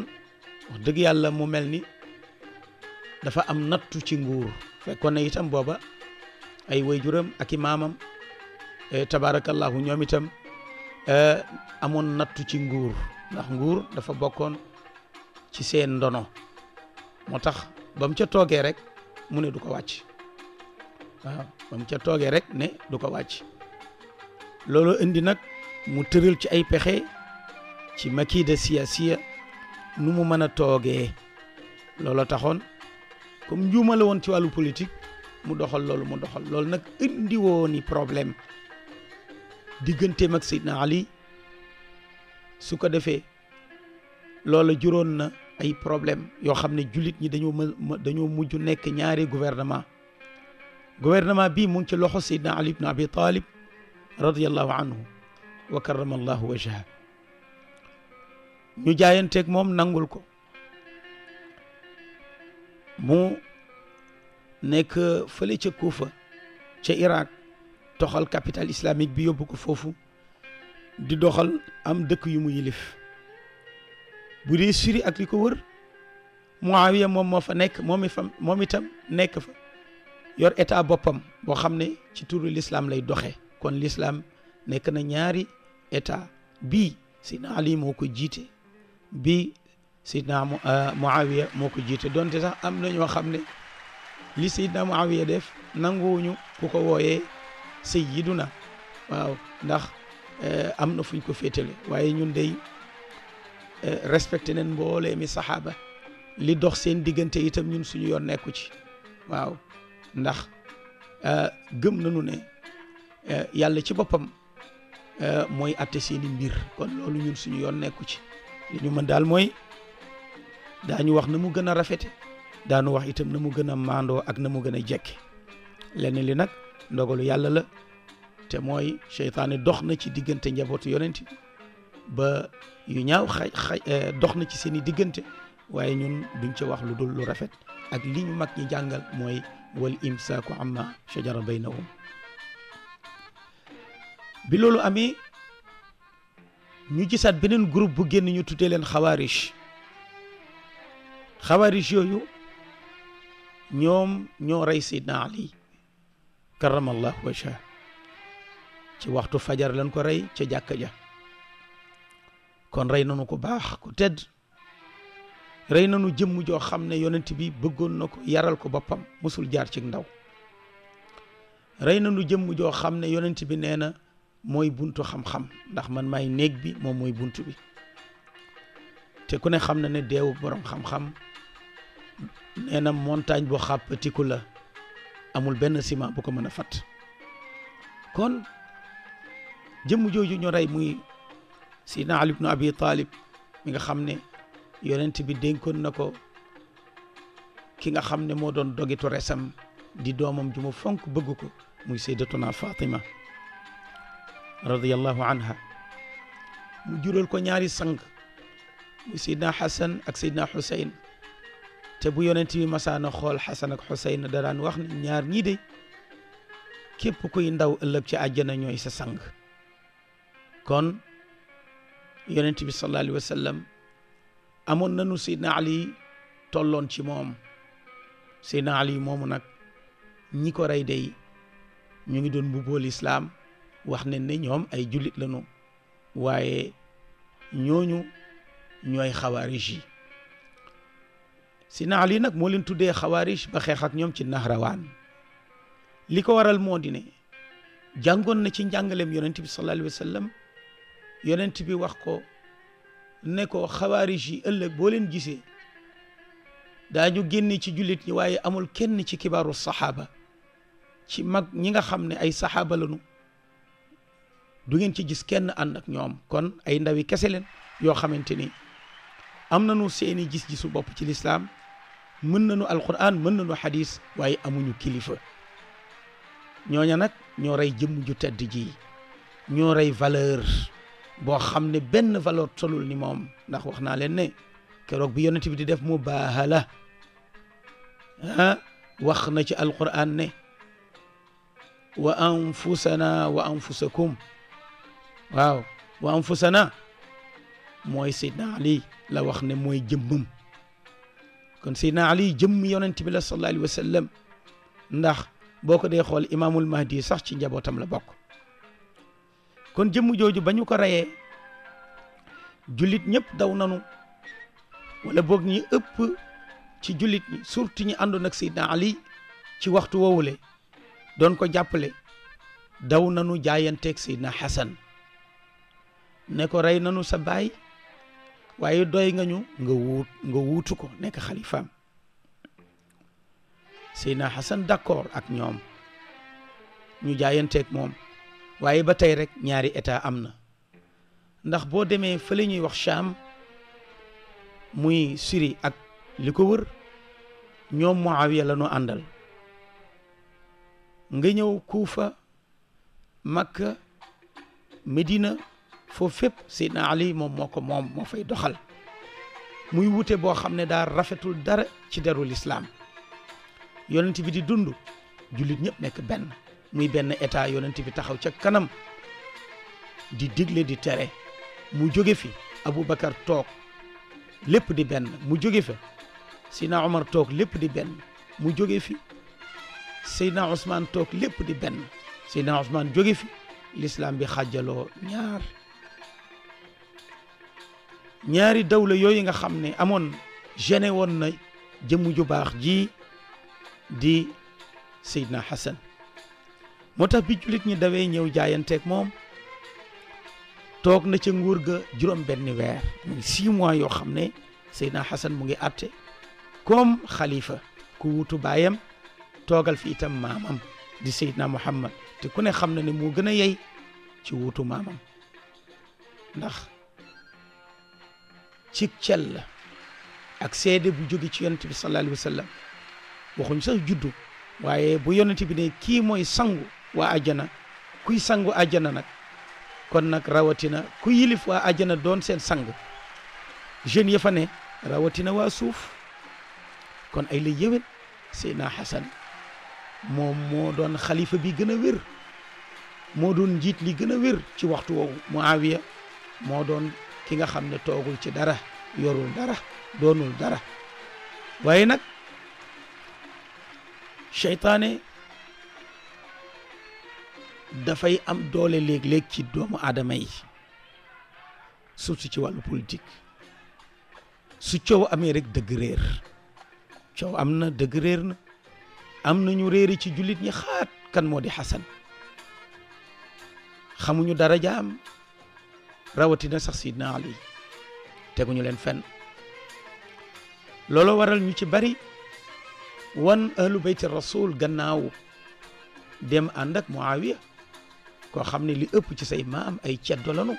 dëgg yàlla mu mel ni dafa am nattu ci nguur fekkoon na booba ay waajuram ak i maamam Eh, tabaarakallahu ñoom itam eh, amoon nattu ci nguur ndax nguur dafa bokkoon ci seen ndono moo tax ba ca toogee rek mu ne du ko wàcc waaw ba ca toogee rek ne du ko wàcc looloo indi nag mu tëral ci ay pexe ci makida siyaasiya nu mu mën a toogee looloo taxoon comme njuumale woon ci wàllu politique mu doxal loolu mu doxal loolu nag indi woon ni problème digganteem ak Seydina Ali su ko defee loola juróon na ay problème yoo xam ne jullit ñi dañoo dañoo mujj nekk ñaari gouvernement gouvernement bii mu ngi ci loxo Seydina Ali ibn Abi Talib radiyallahu anhu wa karrama allahu wajha ñu jaayanteeg moom nangul ko mu nekk fële ca Kuufa ci iraak toxal capital islamique bi yóbbu ko foofu di doxal am dëkk yu mu yilif bu dee Syrie ak li ko wër Muawiya moom moo fa nekk moom itam moom itam nekk fa yor état boppam boo xam ne ci turu l'islam lay doxe kon l'islam nekk na ñaari état bii Seydina Ali moo ko jiite bii Seydina euh, Muawiya moo ko jiite donte sax am na ñoo xam ne li mu Muawiya def nanguwuñu ku ko wooyee na waaw ndax eh, am na fuñ ko féetale waaye ñun dey eh, respecté nañ mboolee mi saxaaba li dox seen diggante itam ñun suñu yoon nekku ci waaw ndax eh, gëm nañu ne yàlla ci boppam mooy atte seeni mbir kon loolu ñun suñu yoon nekku ci li ñu mën daal mooy daañu wax na mu gën a rafete daanu wax itam na mu gën a maandoo ak na mu gën a jekke lenn li nag ndogalu yàlla la te mooy seytaane dox na ci diggante njabootu yonent ba yu ñaaw xay eh, na ci seeni diggante waaye ñun duñ ci wax lu dul lu rafet ak li ñu mag ñi jàngal mooy wal imsaaku amma shajara baynahum bi loolu amee ñu gisaat beneen groupe bu génn ñu tuddee leen xawaarij xawaarij yooyu ñoom ñoo rey Seydina Ali karamallahu wajha ci waxtu fajar lañ ko rey ca jàkk ja kon rey na nanu ko baax ku tedd rey nu jëmm joo xam ne yonent bi bëggoon na ko yaral ko boppam mësul jaar cig ndaw rey na nanu jëmm joo xam ne yonent bi nee na mooy buntu xam-xam ndax man may néeg bi moom mooy buntu bi te ku ne xam na ne deewu boroom xam-xam nee na montagne bu xàppatiku la amul benn ciment bu ko mën fat kon jëmm jooju ñu rey muy sidna ali ibnu abi talib mi nga xam ne yonent bi dénkoon na ko ki nga xam ne moo doon dogitu resam di doomam ju mu fonk bëgg ko muy fatima radiallahu anha mu jural ko ñaari sang muy sidna hasan ak sidna husayn te bu yonent bi masaana xool xasan ak xuseyn da daan wax ne ñaar ñii de képp kuy ndaw ëllëg ci àjjana ñooy sa sang kon yonent bi sallallahu alayhi wa sallam amoon nanu Seydina Ali tolloon ci moom Seydina Ali moomu nag ñi ko rey dey ñu ngi doon mbubboo islaam wax ne ne ñoom ay jullit lañu waaye ñooñu ñooy xawaarij yi Sina Ali nag moo leen tuddee xawaarij ba xeex ak ñoom ci Nahrawaan li ko waral moo di ne jàngoon na ci njàngaleem yonent bi sallallahu alayhi wa sallam bi wax ko ne ko xawaarij yi ëllëg boo leen gisee daañu ci jullit ñi waaye amul kenn ci kibaaru saxaaba ci mag ñi nga xam ay sahaba lañu du ngeen ci gis kenn ànd ak ñoom kon ay ndawi kese leen yoo xamante ni am seeni gis-gisu bopp ci lislaam mën nañu alquran mën nañu xadis waaye amuñu kilifa ñooña nag ñoo rey jëmm ju tedd ji ñoo rey valeur boo xam ne benn valeur tolul ni moom ndax wax naa leen ne keroog bi yonent bi di def mu baahala ah wax na ci alquran ne wa anfusana wa anfusakum waaw wa anfusana mooy sidna ali la wax ne mooy jëmmam kon Seydina Ali jëmm yonent bi la sallallahu alayhi wa ndax boo ko dee xool imaamul mahdi sax ci njabootam la bokk kon jëmm jooju ba ñu ko reyee julit ñëpp daw nanu wala boog ñi ëpp ci julit ñi surtout ñi àndoon ak Seydina Ali ci waxtu woowule doon ko jàppale daw nanu jaayanteeg Seydina Xasan ne ko rey nanu sa waaye doy nga ñu nga wuut nga wuutu ko nekk xalifaam Seydina Xasan d'accord ak ñoom ñu jaayanteek moom waaye ba tey rek ñaari état am na ndax boo demee fële ñuy wax Cham muy Syrie ak li ko wër ñoom Muawiya la ñu àndal nga ñëw Kuufa Makka Medina foofu fépp Seydina Ali moom moo ko moom moo fay doxal muy wute boo xam ne daal rafetul dara ci deru lislaam yoonanti bi di dundu jullit ñëpp nekk benn muy benn état yonent bi taxaw ca kanam di digle di tere mu jóge fi Aboubacar toog lépp di benn mu jóge fi Seydina Omar toog lépp di benn mu jóge fi Seydina Ousmane toog lépp di benn Seydina Ousmane jóge fi lislaam bi xaajaloo ñaar ñaari dawla yooyu nga xam ne amoon gene woon na jëmm ju baax ji di Seydina Hassan moo tax bi jullit ñi dawee ñëw jaayanteeg moom toog na ca nguur ga juróom benn weer muy six mois yoo xam ne Seydina Hassan mu ngi àtte comme xalifa ku wutu baayam toogal fi itam maamam di Seydina Muhammad te ku ne xam na ne moo gën a yey ci wutu maamam ndax ci cell la ak seede bu jóge ci yonent bi sallallahu alayhi waxuñ sax juddu waaye bu yonent bi ne kii mooy sangu waa ajjana kuy sangu ajjana nag kon nag rawatina ku yilif waa ajjana doon seen sang jeunes ya rawatina waa suuf kon ay la yëwén Seydina Xasan moom moo doon xalifa bi gën a wér moo doon njiit li gën a wér ci waxtu woowu Muawiya moo doon ki nga xam ne toogul ci dara yorul dara doonul dara waaye nag seytaane dafay am doole léeg-léeg ci doomu aadama yi surtout ci wàllu politik su coow amee rek dëgg réer coow am na dëgg réer na am na ñu réeri ci jullit ñi xaat kan moo di Xasan xamuñu dara rawatina sax sidna ali teguñu leen fen loolu waral ñu ci bari wan ahlu bayti rasul gannaaw dem ànd ak muawiya koo xam ne li ëpp ci say maam ay ceddo lanu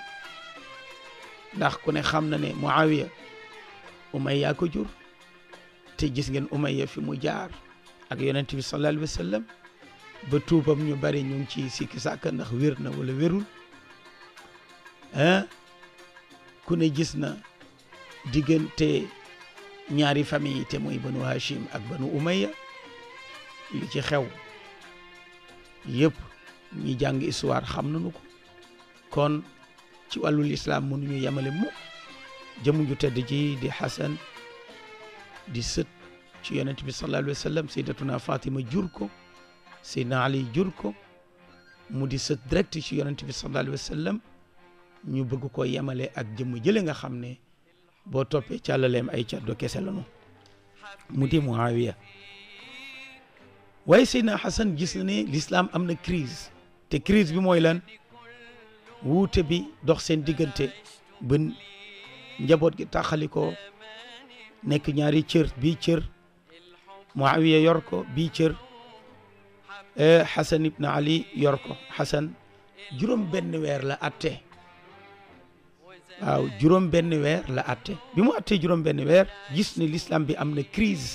ndax ku ne xam na ne mu muawiya umayya ko jur te gis ngeen umayya fi mu jaar ak yonent bi sallallahu alayhi wa ba tuubam ñu bari ñu ngi ci sikki sàkk ndax wér na wala wérul ah ku ne gis na diggante ñaari famille te muy banu hachim ak banu umayya li ci xew yëpp ñi jàng histoire xam nañu ko kon ci wàllu lislaam mënuñu yamale mu jëmu ju tedd ji di Xasan di sët ci yonent bi sallallahu alayhi wa sallam sayyidatuna Fatima jur ko sayyidina Ali jur ko mu di sët direct ci yonent bi sallallahu alayhi wa ñu bëgg ko yemale ak jëmm jële nga xam ne boo toppee càllaleem ay caddo kese la mu di Muawiya waaye Seydina Xasan gis na ne l'islam am na crise te crise bi mooy lan wuute bi dox seen diggante ba njaboot gi taxali ko nekk ñaari cër bii cër Muawiya yor ko bii cër Xasan eh, ibn Ali yor ko Xasan juróom benn weer la atte waaw juróom benn weer la atte bi mu attee juróom benn weer gis ni l'islam bi am na crise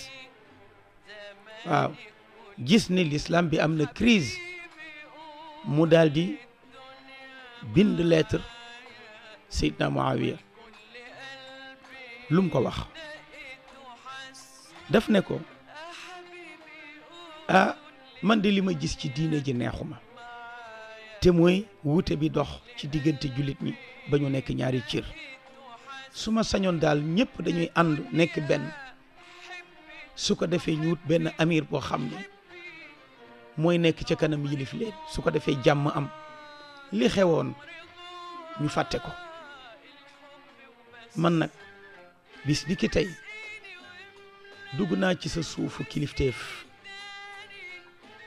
waaw gis ni l'islam bi am na crise mu daal di bind lettre Seydina Muawiya lu mu ko wax daf ne ko ah man de li ma gis ci diine ji neexuma te mooy wuute bi dox ci diggante jullit ñi ba ñu nekk ñaari cir su ma sañoon daal ñëpp dañuy ànd nekk benn su ko defee ñuut benn amir boo xam ne mooy nekk ca kanam yilif leen su ko defee jàmm am li xewoon ñu fàtte ko man nag bis bi ki tey dugg naa ci sa suufu kilifteef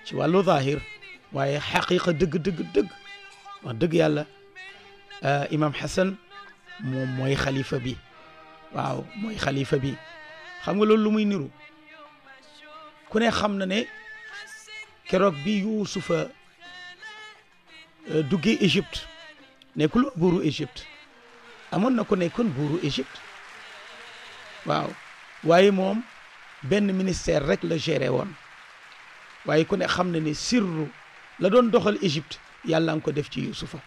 ci wàllu zaahir waaye xaqiiqa dëgg dëgg dëgg wax dëgg yàlla imam Hassan moom mooy xalifa bi waaw mooy xalifa bi xam nga loolu lu muy niru ku ne xam na ne keroog bi Yuusufa duggee Égypte nekkul buuru Égypte amoon na ko nekkoon buuru Égypte waaw waaye moom benn ministère rek la géré woon waaye ku ne xam na ne sirru la doon doxal Égypte yàlla nga ko def ci Yuusufa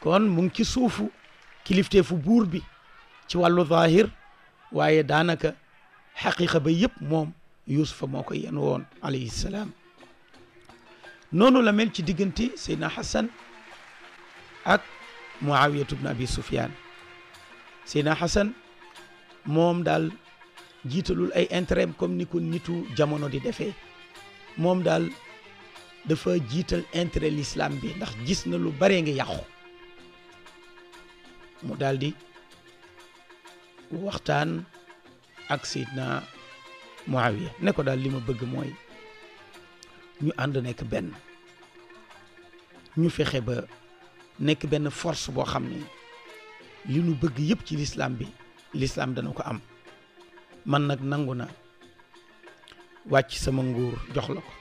kon mu ngi ci suufu kilifteefu buur bi ci wàllu zahir waaye daanaka xaqiqa ba yëpp moom yuusufa moo ko yenn woon alayhi salaam noonu la mel ci diggante sayna xasan ak muawiyatu bne abi sufyan sayna xasan moom daal jiitalul ay intérêt comme ni ko nitu jamono di defee moom daal dafa jiital intérêt l'islam bi ndax gis na lu bare nga yàqu mu daldi waxtaan ak Seydina Muawiya ne ko daal li ma bëgg mooy ñu ànd nekk benn ñu fexe ba nekk benn force boo xam ne li ñu bëgg yépp ci lislaam bi lislaam dana ko am man nag nangu na wàcc sama nguur jox la ko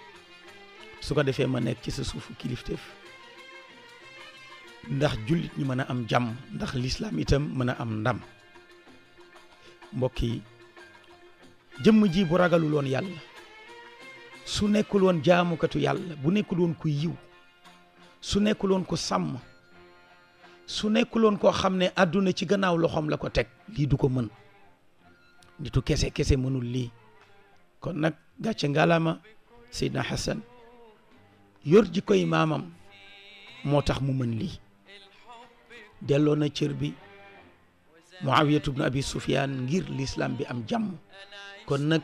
su ko defee ma nekk ci sa suufu kilifteef ndax jullit ñi mën a am jàmm ndax lislaam itam mën a am ndam mbokk yi jëmm ji bu ragalul woon yàlla su nekkul woon jaamukatu yàlla bu nekkul woon ku yiw su nekkuloon ko sàmm su nekkul woon koo xam ne àdduna ci gannaaw loxoom la ko teg lii du ko mën nitu kese kese mënul lii kon nag gàcce ngalaama Seydina Hassan yor ji koy maamam moo tax mu mën lii delloo na cër bi muawiyatu bnu abi sufyaan ngir lislaam bi am jàmm kon nag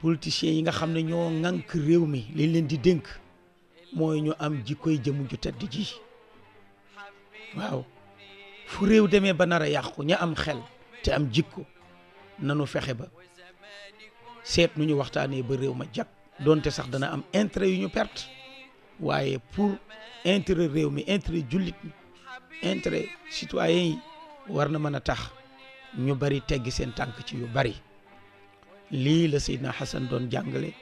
politiciens yi nga xam ne ñoo ŋànk réew mi liñ leen di dénk mooy ñu am jikkoy jëmm ju tedd ji waaw fu réew demee ba nara yàqu ña am xel te am jikko nanu fexe ba seet nu ñu waxtaanee ba réew ma jag donte sax dana am intérêt yu ñu perte waaye pour intérêt réew mi intérêt jullit intérêt citoyen yi war na mën a tax ñu bari teggi seen tànk ci yu bari lii la Seydina Xasan doon jàngale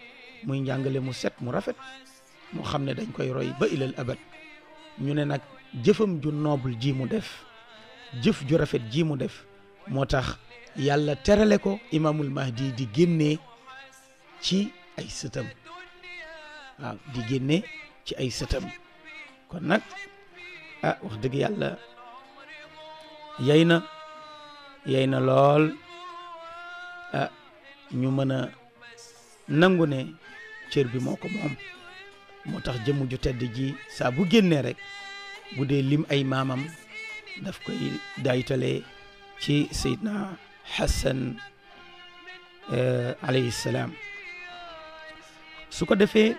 muy njàngale mu set mu rafet moo xam ne dañ koy roy ba ilal abad ñu ne nag jëfam ju noble ji mu def jëf ju rafet ji mu def moo tax yàlla terale ko imamul mahdi di génnee ci ay sëtam waaw di génnee ci ay sëtam kon nag ah wax dëgg yàlla yey na yey na lool ah ñu mën a nangu ne cër bi moo ko moom moo tax jëmm ju tedd ji saa bu génnee rek bu dee lim ay maamam daf koy daytale ci Seydina Hassan alayhi salaam su ko defee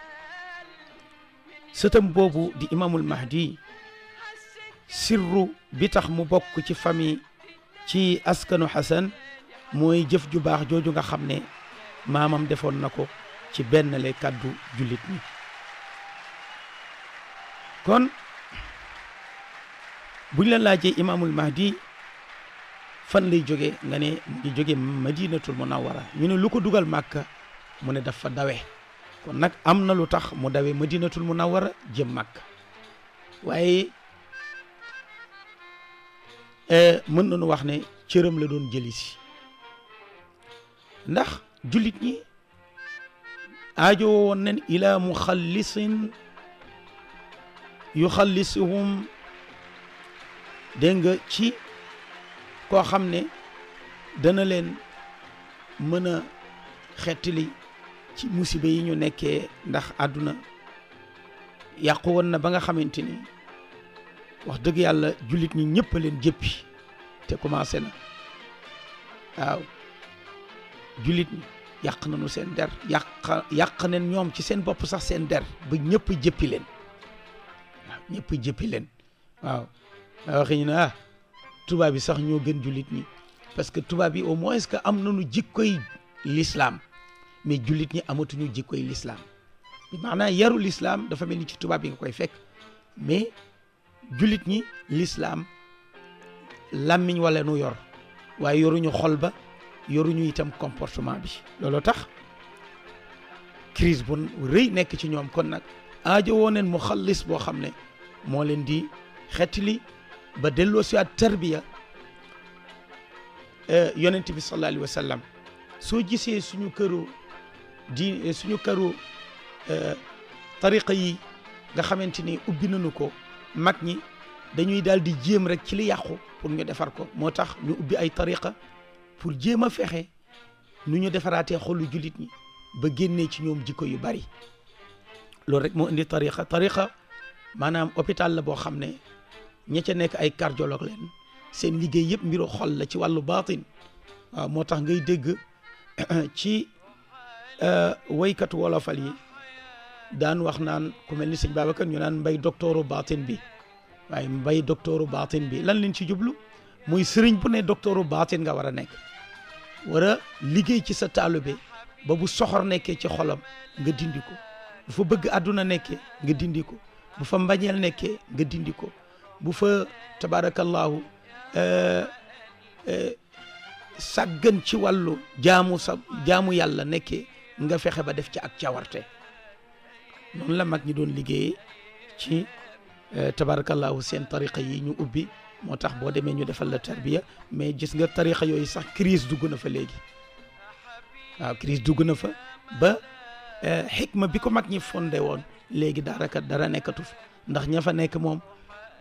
sëtam boobu di imaamul mahdi sirru bi tax mu bokk ci famille ci askanu Xasan mooy jëf ju baax jooju nga xam ne maamam defoon na ko ci benn le kàddu jullit ñi kon buñ la laajee imaamul mahdi fan lay jóge nga ne mu ngi jóge madinatul munawwara ñu ne lu ko dugal màkka mu ne dafa dawe kon nag am na lu tax mu dawe madinatul munawwara jëm màkka waaye Eh, mën nañu wax ne cëram la doon jëli si ndax jullit ñi ajoo woon nañ ila muxallisin yuxallisuhum dégg nga ci koo xam ne dana leen mën a xettali ci musiba yi ñu nekkee ndax àdduna yàqu woon na ba nga xamante ni wax dëgg yàlla jullit ñi ñëpp leen jëppi te commencé na waaw jullit ñi yàq nañu seen der yàq yàq nañ ñoom ci seen bopp sax seen der ba ñëpp jëppi leen waaw ñëpp jëppi leen waaw waxe ñu ne ah tubaab yi sax ñoo gën jullit ñi parce que tubaab yi au moins que am na nañu jikkoy lislaam mais jullit ñi amatuñu jikkoy lislaam bi maanaam yaru lislaam dafa mel ni ci tubaab yi nga koy fekk mais julit ñi l'islam lamiñ wala nu yor waaye yoruñu xol ba yoruñu itam comportement bi looloo tax crise bu rëy nekk ci ñoom kon nag aajo woo neen mu xallis boo xam ne moo leen di xettali ba delloo si at tarbiya yonent bi sallallahu alayhi wasallam sallam soo gisee suñu këru di suñu këru tariqa yi nga xamante ni ubbi nañu ko mag ñi dañuy daal di jéem rek ci li yàqu pour ñu defar ko moo tax ñu ubbi ay tariqa pour jéem a fexe nu ñu defaraatee xolu jullit ñi ba génnee ci ñoom jikko yu bari loolu rek moo indi tariqa tariqa maanaam hôpital la boo xam ne ña ca nekk ay cardiologue leen seen liggéey yëpp mbiru xol la ci wàllu baatin waaw moo tax ngay dégg ci euh, waykatu wolofal yi daan wax naan ku mel ni sëñ Babacar ñu naan mbay docteuru baatin bi waaye mbay docteuru baatin bi lan lañ ci jublu muy sëriñ bu ne docteuru baatin nga war a nekk war liggéey ci sa taalibe ba bu soxor nekkee ci xolam nga dindi ko bu fa bëgg àdduna nekkee nga dindi ko bu fa mbañeel nekkee nga dindi ko bu fa tabaarakallaahu eh, eh, sàggan ci wàllu jaamu sa jaamu yàlla nekkee nga fexe ba def ci ak cawarte noonu la mag ñi doon liggéey ci euh, tabarakallahu seen tariqa yi ñu ubbi moo tax boo demee ñu defal la tarbiya mais gis nga tariqa yooyu sax crise dugg na fa léegi waaw crise dugg na fa ba xikma euh, bi ko mag ñi fondé woon léegi daanaka dara nekkatu fa ndax ña fa nekk moom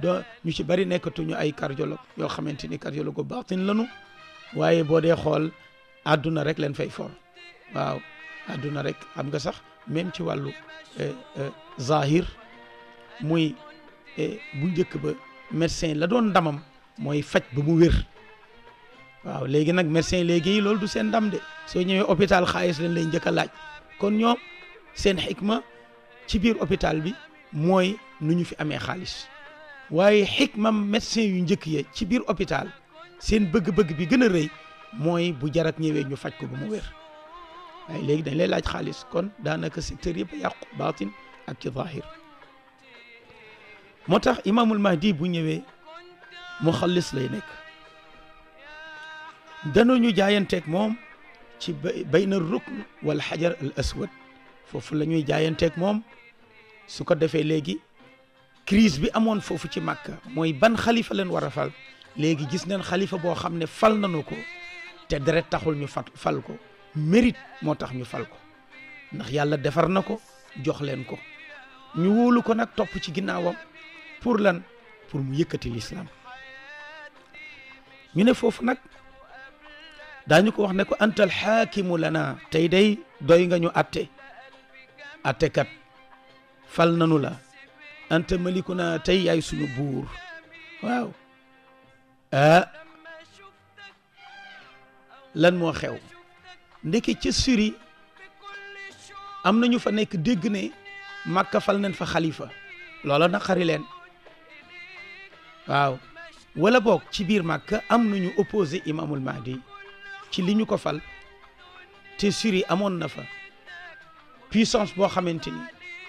do ñu ci bari nekkatuñu ay cardiologue ñoo xamante ni cardiologue baatin lanu waaye boo dee xool àdduna rek leen fay for waaw adduna rek am nga sax même ci wàllu eh, eh, zahir muy eh, bu njëkk ba médecin la doon ndamam mooy faj ba mu wér waaw léegi nag médecin léegi loolu du seen ndam de soo ñëwee hopital xaalis lañ lay njëkk a laaj kon ñoom seen xikma ci biir hopital bi mooy nu ñu fi amee xaalis waaye xikmam médecin yu njëkk ya ci biir hôpital seen bëgg-bëgg bi gën a rëy mooy bu jarat ñëwee ñu faj ko ba mu wér waaye léegi dañ lay laaj xaalis kon daanaka secteur yëpp yàqu baatin ak ci zahir moo tax imaamul mahdi bu ñëwee mu xalis lay nekk danañu jaayanteeg moom ci bayna rukn wal xajar al aswad foofu la ñuy jaayanteeg moom su ko defee léegi crise bi amoon foofu ci Makka mooy ban xalifa leen war a fal léegi gis nañ xalifa boo xam ne fal nañu ko te deret taxul ñu fal ko mérite moo tax ñu fal ko ndax yàlla defar na ko jox leen ko ñu wóolu ko nag topp ci ginnaawam pour lan pour mu yëkkati lislaam ñu ne foofu nag daañu ko wax ne ko antal xaakimu lana tey day doy nga ñu atte attekat fal nanu la anta maliku naa tey yaay suñu buur waaw ah lan moo xew ndeke ca Syrie am na ñu fa nekk dégg ne Makka fal nañ fa xalifa loola naqari leen waaw wala boog ci biir Makka am nañu opposé Imamul Mahdi ci li ñu ko fal te suri amoon na fa puissance boo xamante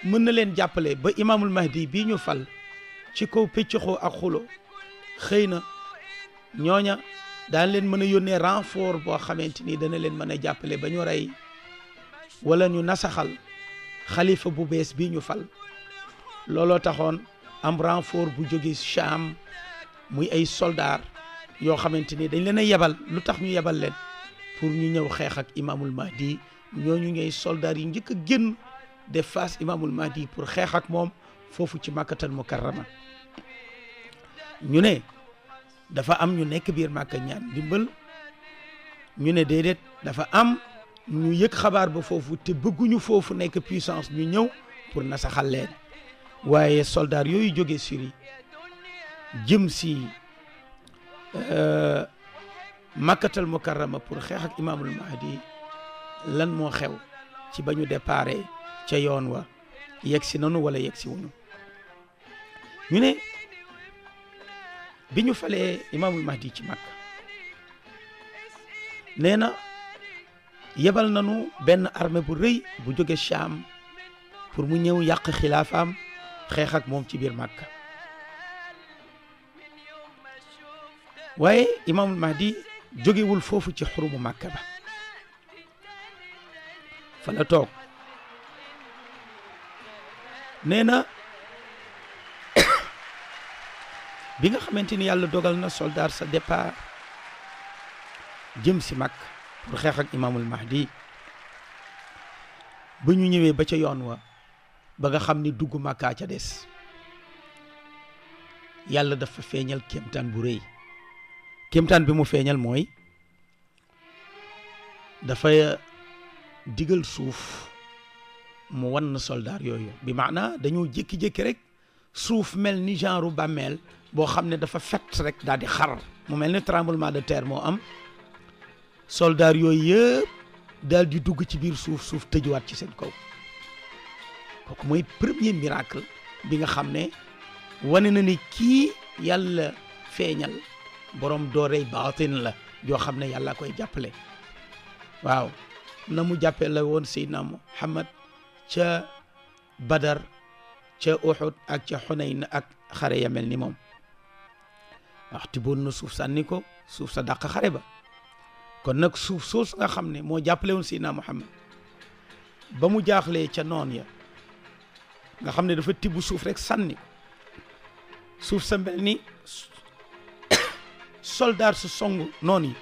mën na leen jàppale ba Imamul Mahdi bii ñu fal ci kaw pëccëxoo ak xulo xëy na ñooña daan leen mën a yónnee renfort boo xamante nii dana leen mën a jàppale ba ñu rey wala ñu nasaxal xalifa bu bees bi ñu fal looloo taxoon am renfort bu jóge Cham muy ay soldaar yoo xamante ni dañ leen a yebal lu tax ñu yebal leen pour ñu ñëw xeexak ak imaamul mahdi ñooñu ngay soldaar yi njëkk a génn def face imaamul mahdi pour xeex ak moom foofu ci màkkatal mukarrama ñu ne dafa am ñu nekk biir màkka ñaan dimbal ñu ne déedéet dafa am ñu yëg xabaar ba foofu te bëgguñu foofu nekk puissance ñu ñëw pour nasaxal leen waaye soldaar yooyu jóge Syrie jëm si euh, makkatal mukarrama pour xeex ak imaamul mahdi lan moo xew ci ba ñu depare ca yoon wa yegg si nanu wala yegg si wuñu ñu ne bi ñu falee imaamul mahdi ci Makka nee na yebal nañu benn armée bu rëy bu jóge Shaam pour mu ñëw yàq xilaafaam xeex ak moom ci biir Makka waaye imaamul mahdi jógewul foofu ci xurumu Makka ba fa la toog nee na bi nga xamante ni yàlla dogal na soldaar sa départ jëm si mag pour xeex ak imaamul mahdi ba ñu ñëwee ba ca yoon wa ba nga xam ni dugg màkkaa ca des yàlla dafa feeñal kéemtaan bu rëy kéemtaan bi mu feeñal mooy dafa digal suuf mu na soldaar yooyu bi maanaa dañoo jékki-jékki rek suuf mel ni genre bàmmeel boo xam ne dafa fett rek daal di xar mu mel ni tremblement de terre moo am soldaar yooyu yëpp daal di dugg ci biir suuf suuf tëjuwaat ci seen kaw kooku mooy premier miracle bi nga xam ne wane na ni kii yàlla feeñal boroom borom rey baatin la joo xam ne yàlla koy jàppale waaw na mu jàppee la woon Seydina Muhammad ca Badar ca Uhud ak ca Xunayn ak xare ya mel ni moom wax tiboon na suuf sànni ko suuf sa dàq xare ba kon nag suuf soosu nga xam ne moo jàppale si Seydina Muhammad ba mu jaaxlee ca noon ya nga xam ne dafa tibb suuf rek sànni suuf sa mel ni soldaar su song noon yi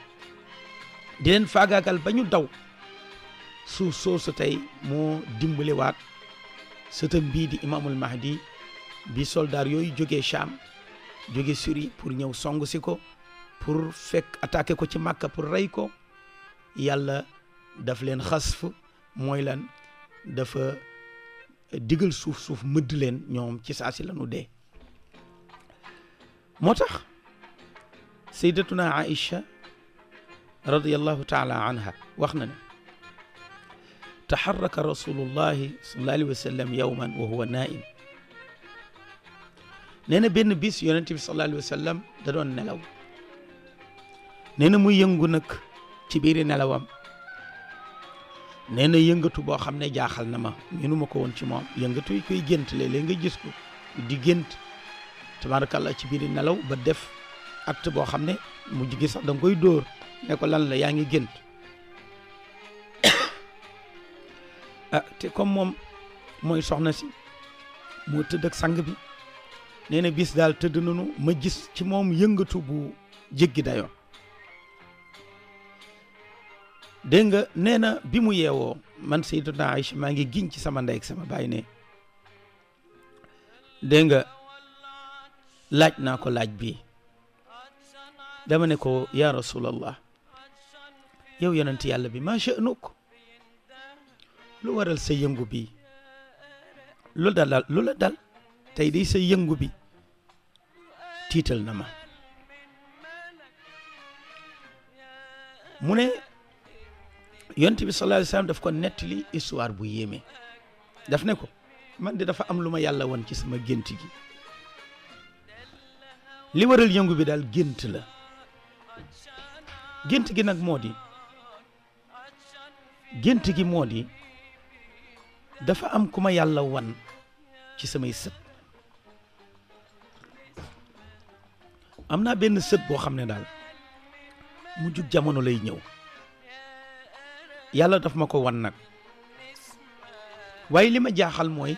di leen faagaagal ba ñu daw suuf soosu tey moo dimbaliwaat sëtam bii di imaamul mahdi bi soldaar yooyu jógee Cham jóge suri pour ñëw songu si ko pour fek attaquer ko ci màkka pour ray ko yàlla daf len khasf moy lan dafa digal suuf suuf mëdd len ñom ci saa lanu dé motax sayyidatuna aisha radiyallahu taala anha waxna na ne taxaraka rasulullahi الله alayhi wa sallam yowman wa huwa naim nee na benn bis yonent bi sallallahu alayhi wa sallam da doon nelaw nee na mu yëngu nag ci biiri nelawam nee na yëngatu boo xam ne jaaxal na ma mënu ma ko woon ci moom yëngatu yi koy gént le léeg nga gis ko di gént tabarakallah ci biiri nelaw ba def acte boo xam ne mu jigi sax da koy dóor ne ko lan la yaa ngi gént ah te comme moom mooy soxna si moo tëdd sang bi nee na bis daal tëdd nanu ma gis ci moom yëngatu bu jéggi dayo dégg nga nee na bi mu yeewoo man Sayyiduna Aïcha maa ngi giñ ci sama sama baay ne dégg nga laaj naa ko laaj bi dama ne ko yaa rasulallah yow yonent yàlla bi maa sha'nuk lu waral sa yëngu bi lu dal dal tey di sa yëngu bi tiital na ma mu ne yonent bi sallallahu alayhi wasallam daf ko nettali histoire bu yéeme daf ne ko man di dafa am lu ma yàlla woon ci sama gént gi li waral yëngu bi daal gént la gént gi nag moo di gént gi moo di dafa am ku ma yàlla wan ci samay sët am naa benn sët boo xam ne daal mu jug jamono lay ñëw yàlla daf ma ko wan nag waaye li ma jaaxal mooy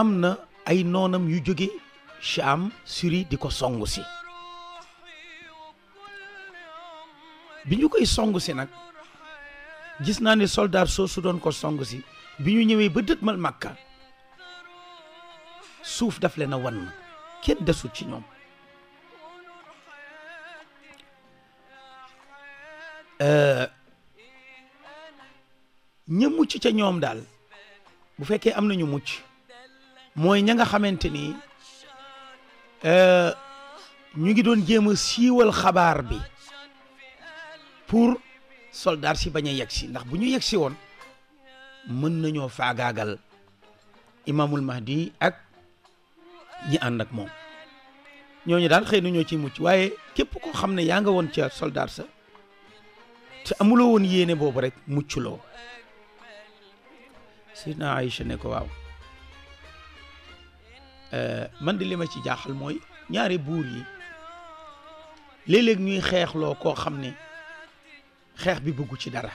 am na ay noonam yu jóge Cham Suri di ko songu si bi ñu koy songu si nag gis naa ne soldaar su doon ko songu si bi ñu ñëwee ba mal Makka suuf daf leen a wan kenn desut ci ñoom ña mucc ca ñoom daal bu fekkee am nañu mucc mooy ña nga xamante ni euh, ñu ngi doon jéem a siiwal xabaar bi pour soldaar si bañ a yegg si ndax bu ñu yegg si woon mën nañoo faagaagal imaamul mahdi ak ñi ànd ak moom ñooñu daal xëy na ñoo ciy mucc waaye képp koo xam ne yaa nga woon ca soldaar sa te amuloo woon yéene boobu rek mucculoo Seydina Aïcha ne ko waaw euh, man de li ma ci jaaxal mooy ñaari buur yi léeg-léeg ñuy xeexloo koo xam ne xeex bi buggu ci dara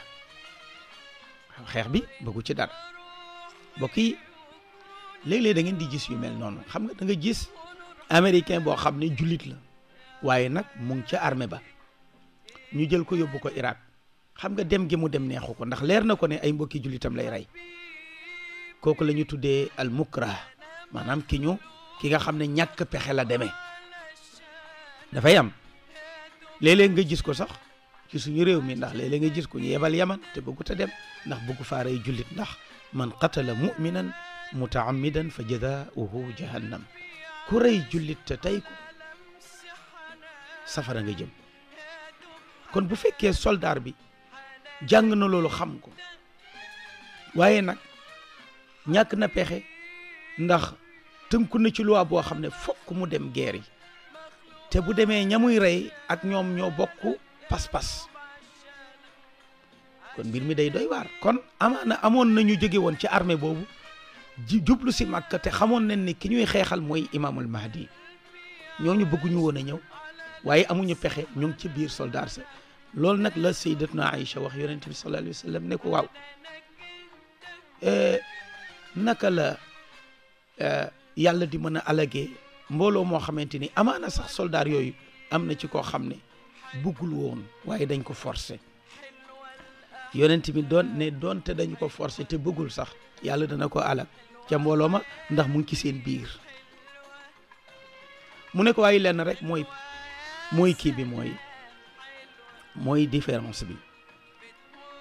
xeex bi bëggu ci dara mbokk yi léeg-léeg da ngeen di gis yu mel noonu xam nga danga nga gis américain boo xam ne jullit la waaye nag mu ngi ca armée ba ñu jël ko yóbbu ko Irak xam nga dem gi mu dem neexu ko ndax leer na ko ne ay mbokki jullitam lay rey kooku la tuddee al maanaam ki ñu ki nga xam ne ñàkk pexe la deme dafay am léeg nga gis ko sax ci suñu réew mi ndax léeg nga gis ko ñu yebal yaman te bëggut a dem ndax bëggu faa jullit ndax man qatala muminan mutaamidan fa jazaauhu jahannam ku rey jullit te tey ko safara nga jëm kon bu fekkee soldaar bi jàng na loolu xam ko waaye nag ñàkk na pexe ndax tënku na ci loi boo xam ne fokk mu dem guerre yi te bu demee ñamuy rey ak ñoom ñoo bokk pas-pas kon mbir mi day doy waar kon amaana amoon na ñu jóge woon ci armée boobu ji jublu si Makka te xamoon nañ ni ki ñuy xeexal mooy imaamul mahdi ñooñu bëgguñu woon a ñëw waaye amuñu pexe ñu ci biir soldat sa loolu nag la sayyidatuna Aïcha wax yonent bi sallallahu alayhi wa sallam ne ko waaw naka la yàlla di mën a alagee mbooloo moo xamante ni amaana sax soldaar yooyu am na ci koo xam ne bëggul woon waaye dañ ko forcer yonent bi doon ne te dañ ko forcer te bëggul sax yàlla dana ko alag ca mbooloo ma ndax mu ngi ci seen biir mu ne ko waaye lenn rek mooy mooy kii bi mooy moy différence bi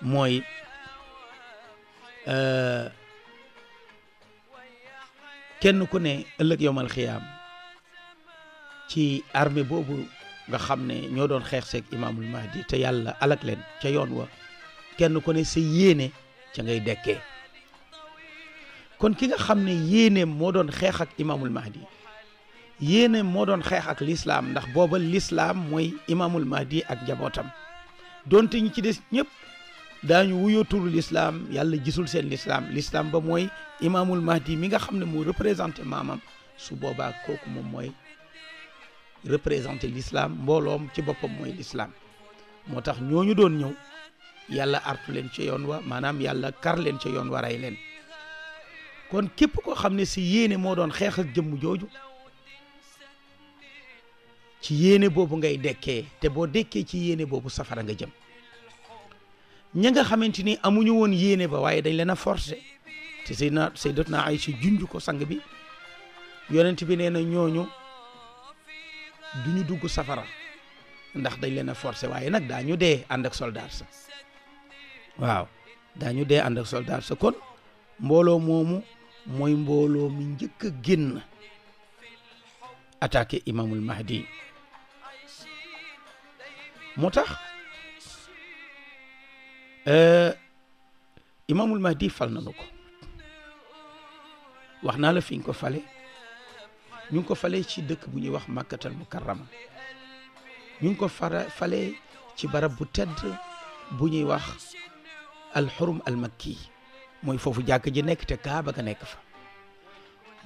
moy euh kenn ku ne ëllëg yowmal xiyaam ci armée bobu nga xamne ño doon xex sek imamul mahdi te yàlla alak len ca yoon wa kenn ku ne se yene ca ngay dekke kon ki nga xamne yene mo doon xex ak imamul mahdi yene mo doon xex ak l'islam ndax booba l'islam moy imamul mahdi ak jabotam donte ñi ci des ñëpp daañu wuyoo turu lislaam yàlla jisul seen lislaam lislaam ba mooy imaamul mahdi mi nga xam ne moo représenté maamam su boobaa kooku moom mooy représenté lislaam mbooloom ci boppam mooy lislaam moo tax ñooñu doon ñëw yàlla artu leen ca yoon wa maanaam yàlla kar leen ca yoon wa rey leen kon képp koo xam ne si yéene moo doon xeex ak jëmm jooju ci yéene boobu ngay dekkee te boo dekkee ci yéene boobu safara nga jëm ña nga xamante ni amuñu woon yéene ba waaye dañ leen a forcé te Seydina ay Aysa junj ko sang bi yonent bi nee na ñooñu duñu dugg safara ndax dañ leen a forcé waaye nag daañu dee ànd ak soldaar sa waaw daañu dee ànd ak soldaar sa kon mbooloo moomu mooy mbooloo mu njëkk a génn attaqué Imamul Mahdi moo tax euh, imaamul mahdi fal nañu ko wax naa la fi ko fale ñu ko fale ci dëkk bu ñuy wax màkkatal mukarrama ñu ngi ko fara fale ci barab bu tedd bu ñuy wax alxurum almakki mooy foofu jàkk ji nekk te kaaba ga nekk fa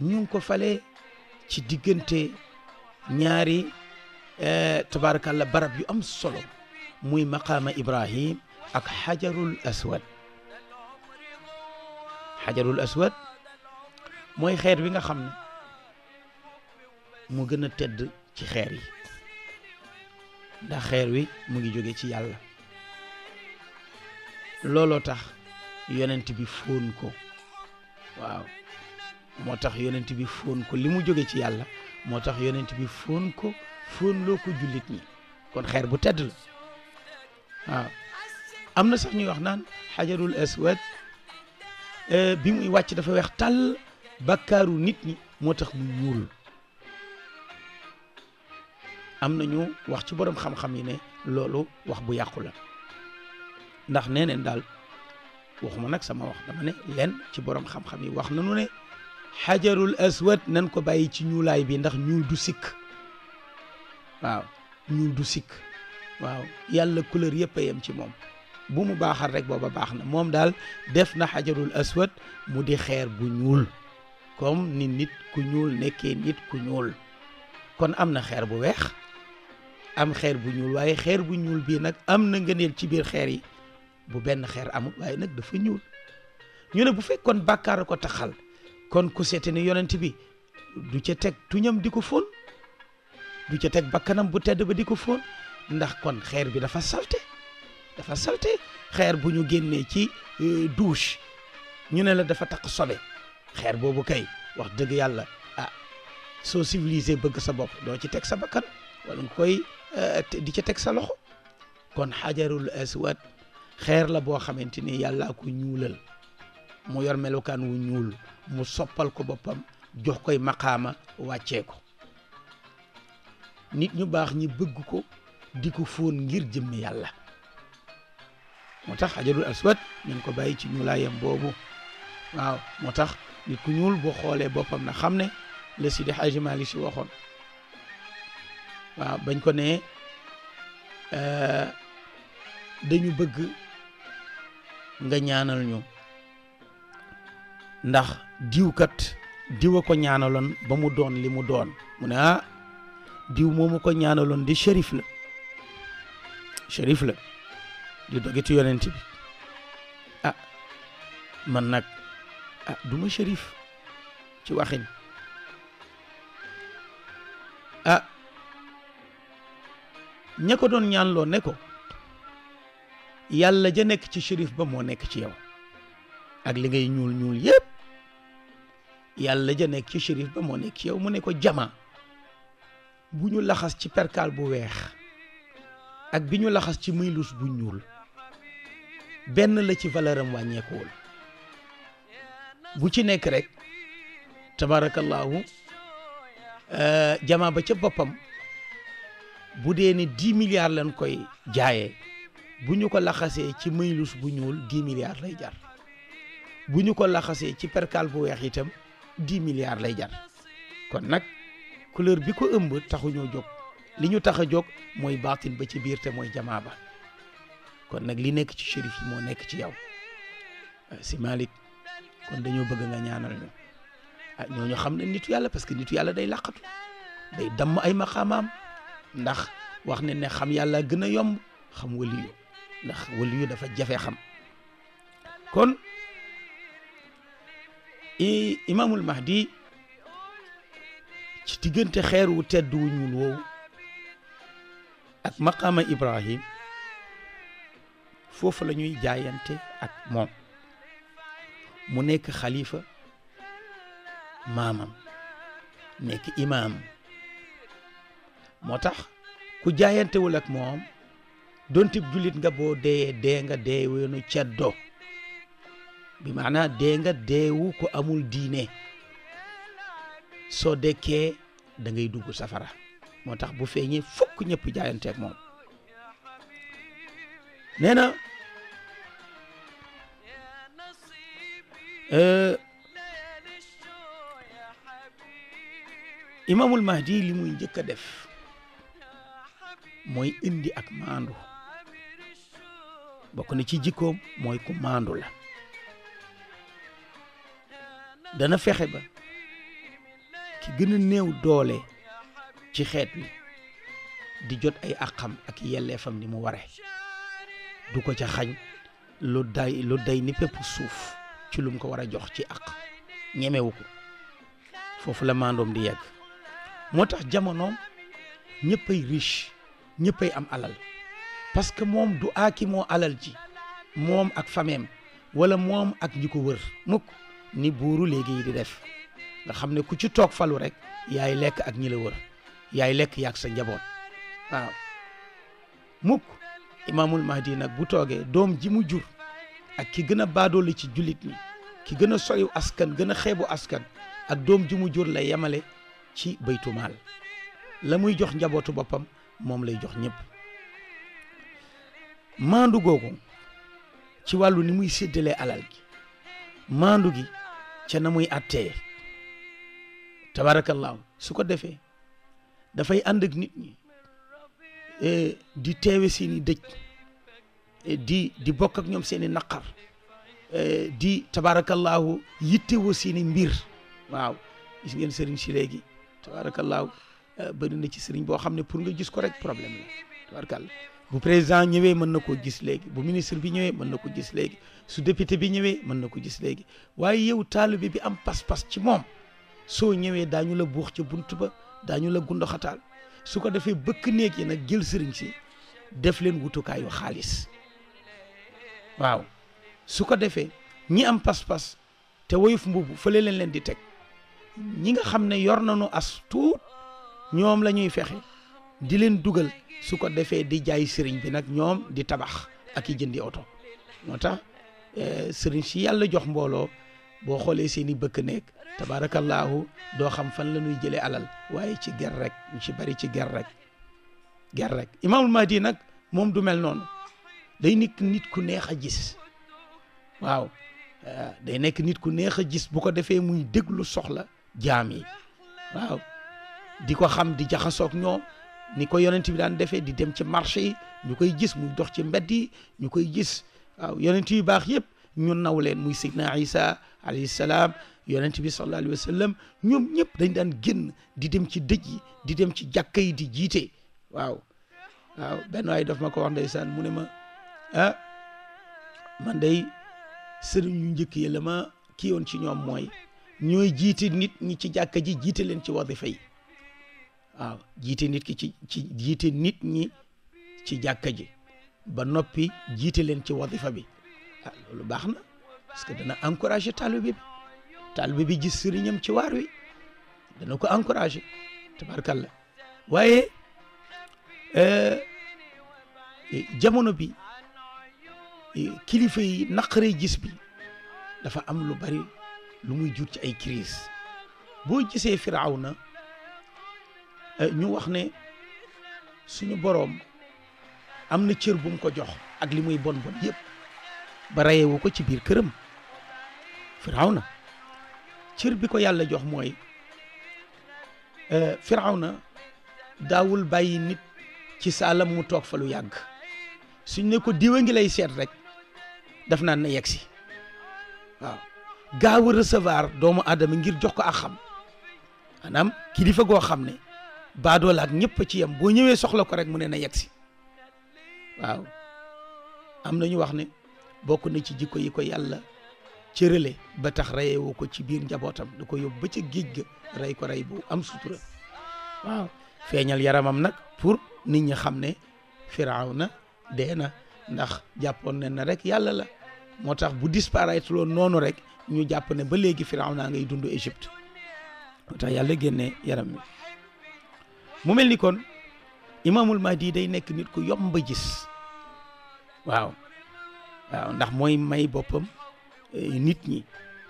ñu ko fale ci diggante ñaari Eh, tabaarakàlla barab yu am solo muy maqaama Ibrahim ak xajarul aswad xajarul mooy xeer wi nga xam ne mu gën a tedd ci xeer yi ndax xeer wi mu ngi jóge ci yàlla looloo tax yonent bi fóon ko waaw moo tax yonent bi fóon ko li mu jóge ci yàlla moo tax yonent bi fóon ko fóon loo ko jullit ñi kon xeer bu tedd la waaw am na sax ñuy wax naan xajarul aswad eh, bi muy wàcc dafa weex tàll bakkaaru nit ñi moo tax mu ñuul am na ñu wax ci boroom xam-xam yi ne loolu wax bu yàqu la ndax nee neen daal waxuma nag sama wax dama ne leen ci boroom xam-xam yi wax nañu ne xajarul aswad nan ko bàyyi ci ñuulaay bi ndax ñuul du sikk waaw ñuul du sikk waaw yàlla couleur yëpp a yem ci moom bu mu baaxal rek booba baax na moom daal def na xajarul aswad mu di xeer bu ñuul comme ni nit ku ñuul nekkee nit ku ñuul kon am na xeer bu weex am xeer bu ñuul waaye xeer bu ñuul bii nag am na ngëneel ci biir xeer yi bu benn xeer amul waaye nag dafa ñuul ñu ne bu fekkoon bàkkaar ko taxal kon ku seete ni yonent bi du ca teg tuñam di ko fóon du ca teg bakkanam bu tedd ba di ko fóon ndax kon xeer bi dafa salte dafa salte xeer bu ñu génnee ci euh, douche ñu ne la dafa taq sobe xeer boobu kay wax dëgg yàlla ah soo civilisé bëgg sa bopp doo ci teg sa bakkan wala nga euh, di ca teg sa loxo kon xajarul aswad xeer la boo xamante ni yàllaa ko ñuulal mu yor melokaan wu ñuul mu soppal ko boppam jox koy maqaama wàcceeku nit ñu baax ñi bëgg ko di ko fóon ngir jëmm yàlla moo tax xajarul aswad nañ ko bàyyi ci ñuulaayam boobu waaw moo tax nit ku ñuul boo xoolee boppam na xam ne la Sidi Xaaji Maalik Si waxoon waaw bañ ko ne eh, dañu bëgg nga ñaanal ñu ndax diwkat diwa ko ñaanaloon ba mu doon li mu doon mu ne ah diw moomu ko ñaanaloon di shérif la shérif la di dogitu yonent bi ah man nag ah du shérif ci waxin a ah, ña ko doon ñaanloo ne ko yàlla ja nekk ci shérif ba moo nekk ci yow ak li ngay ñuul ñuul yépp yàlla ja nekk ci shérif ba moo nekk ci yow mu ne ko jama bu ñu laxas ci perkaal bu weex ak bi ñu laxas ci muylus bu ñuul benn la ci valeur am wàññeekuwul bu ci nekk rek tabaarakallaahu euh, jamaa ba ca boppam bu dee ni dix milliards lañ koy jaayee bu ko laxasee ci muylus bu ñuul dix lay jar bu ñu ko laxasee ci perkaal bu weex itam dix lay jar kon nag couleur bi ko ëmb taxu ñoo jóg li ñu tax a jóg mooy baatin ba ci biir te mooy jamaa ba kon nag li nekk ci shérif yi moo nekk ci yow si malik kon dañoo bëgg nga ñaanal ñu ah ñooñu xam ne nitu yàlla parce que nitu yàlla day làqatu day damm ay maqaamaam ndax wax ne ne xam yàlla gën a yomb xam yu ndax wali yu dafa jafe xam kon imamul mahdi ci diggante xeer wu tedd wu ñuul woowu ak maqaama Ibrahim foofu lañuy jaayante ak moom mu nekk xalifa maamam nekk imaam moo tax ku jaayantewul ak moom dontib jullit nga boo dee dee nga dee weenu ceddoo bi maanaa dee nga deewu ko amul diine soo dekkee dangay dugg safara moo tax bu feeñee fukk ñëpp jaayanteeg moom nee na euh, imaamul mahdi li muy njëkk a def mooy indi ak maandu bokk na ci jikkoom mooy ku maandu la dana fexe ba ki a néew doole ci xeet wi di jot ay àqam ak yelleefam ni mu ware du ko ca xañ lu day lu day ni pépp suuf ci lum ko war a jox ci àq ñemewu ko foofu la maandoom di yegg moo tax jamonoom ñëppay riche ñëppay am alal parce que moom du aaki moo alal ji moom ak fameem wala moom ak ñi ko wër mukk ni buuru léegi yi di def nga xam ne ku ci toog falu rek yaay lekk ak ñi la yaay lekk yaag sa njaboot waaw mukk imaamul mahdi nag bu toogee doom ji mu jur ak ki gën a baadoole ci jullit ñi ki gën a soriw askan gën a xeebu askan ak doom ji mu jur lay yemale ci baytumaal la muy jox njabootu boppam moom lay jox ñépp maandu googu ci wàllu ni muy séddalee alal gi maandu gi ca na muy attee tabaarakallaahu su ko defee dafay ànd nit ñi e, di teewe siini dëj e, di di bokk ak ñoom seeni naqar e, di tabaarakallaahu yittewoo siini mbir waaw gis ngeen sëriñ si léegi tabaarakallaahu bëri na ci sëriñ boo xam ne pour nga gis ko rek problème la bu président ñëwee mën na koo gis léegi bu ministre bi ñëwee mën na ko gis léegi su député bi ñëwee mën na ko gis léegi waaye yow taalibe bi bi am pas-pas ci moom soo ñëwee daañu la buux ca bunt ba daañu la gundoxataal su ko defee bëkk néeg yi nag jël sëriñ si def leen wutukaayu xaalis waaw su ko defee ñi am pas-pas te woyuf mbubu fële leen leen di teg ñi nga xam ne yor nañu as tuut ñoom la ñuy fexe di leen dugal su ko defee di jaay sëriñ bi nag ñoom di tabax ak i jëndi oto moo tax eh, sëriñ si yàlla jox mbooloo boo xoolee seeni bëkk néeg tabaarakallaahu doo xam fan la ñuy jëlee alal waaye ci ger rek ñu ci bari ci ger rek ger rek imaamul mahdi nag moom du mel noonu day nekk nit ku neex a gis waaw day nekk nit ku neex gis bu ko defee muy déglu soxla jaam waaw di xam di jaxasoog ñoom ni ko yonent bi daan defee di dem ci marché yi ñu gis muy dox ci mbedd yi gis waaw yonent yu baax yëpp ñu naw leen muy sidna isa alayhi salaam yonent bi sallallahu alayhi wa sallam ñoom ñëpp dañ daan génn di dem ci dëj yi di dem ci jàkka yi di jiite waaw waaw benn waay daf ma ko wax ndeysaan mu ne ma ah man day sëriñ ñu njëkk yi la ma kii ci ñoom mooy ñooy jiite nit ñi ci jàkka ji jiite leen ci wadifa yi waaw jiite nit ki ci ci jiite nit ñi ci jàkka ji ba noppi jiite leen ci wadifa bi ah loolu baax na parce dana encouragé taalibe talbi bi gis serignam ci war wi dana ko encourager encouragé waye euh jamono bi kilifa yi naqaree gis bi dafa am lu bari lu muy jur ci ay crise boo gisee firawna ñu wax ne suñu borom am na cër bu mu ko jox ak li muy bon bon yépp ba rayewu ko ci biir këram firawna cër bi ko yàlla jox mooy euh, na daawul bàyyi nit ci saalam mu toog fa lu yàgg suñ ne ko diwa ngi lay seet rek daf naan na yegg si waaw gaaw a recevoir doomu aadama ngir jox ko ak xam maanaam kilifa goo xam ne baadoola ak ñëpp ci yam boo ñëwee soxla ko rek mu ne na yegg si waaw am na ñu wax ne bokk na ci jikko yi ko yàlla cërale ba tax rayewu ko ci biir njabootam da ko yóbbu ba ca géej ga rey ko rey bu am sutura waaw feeñal yaramam nag pour nit ñi xam ne Firawna dee na ndax jàppoon ne na rek yàlla la moo tax bu disparaître loon noonu rek ñu jàpp ne ba léegi naa ngay dund Égypte moo tax yàlla génne yaram mi mu mel ni kon imaamul Mahdi day nekk nit ku yomb a gis waaw waaw ndax mooy may boppam Eh, nit ñi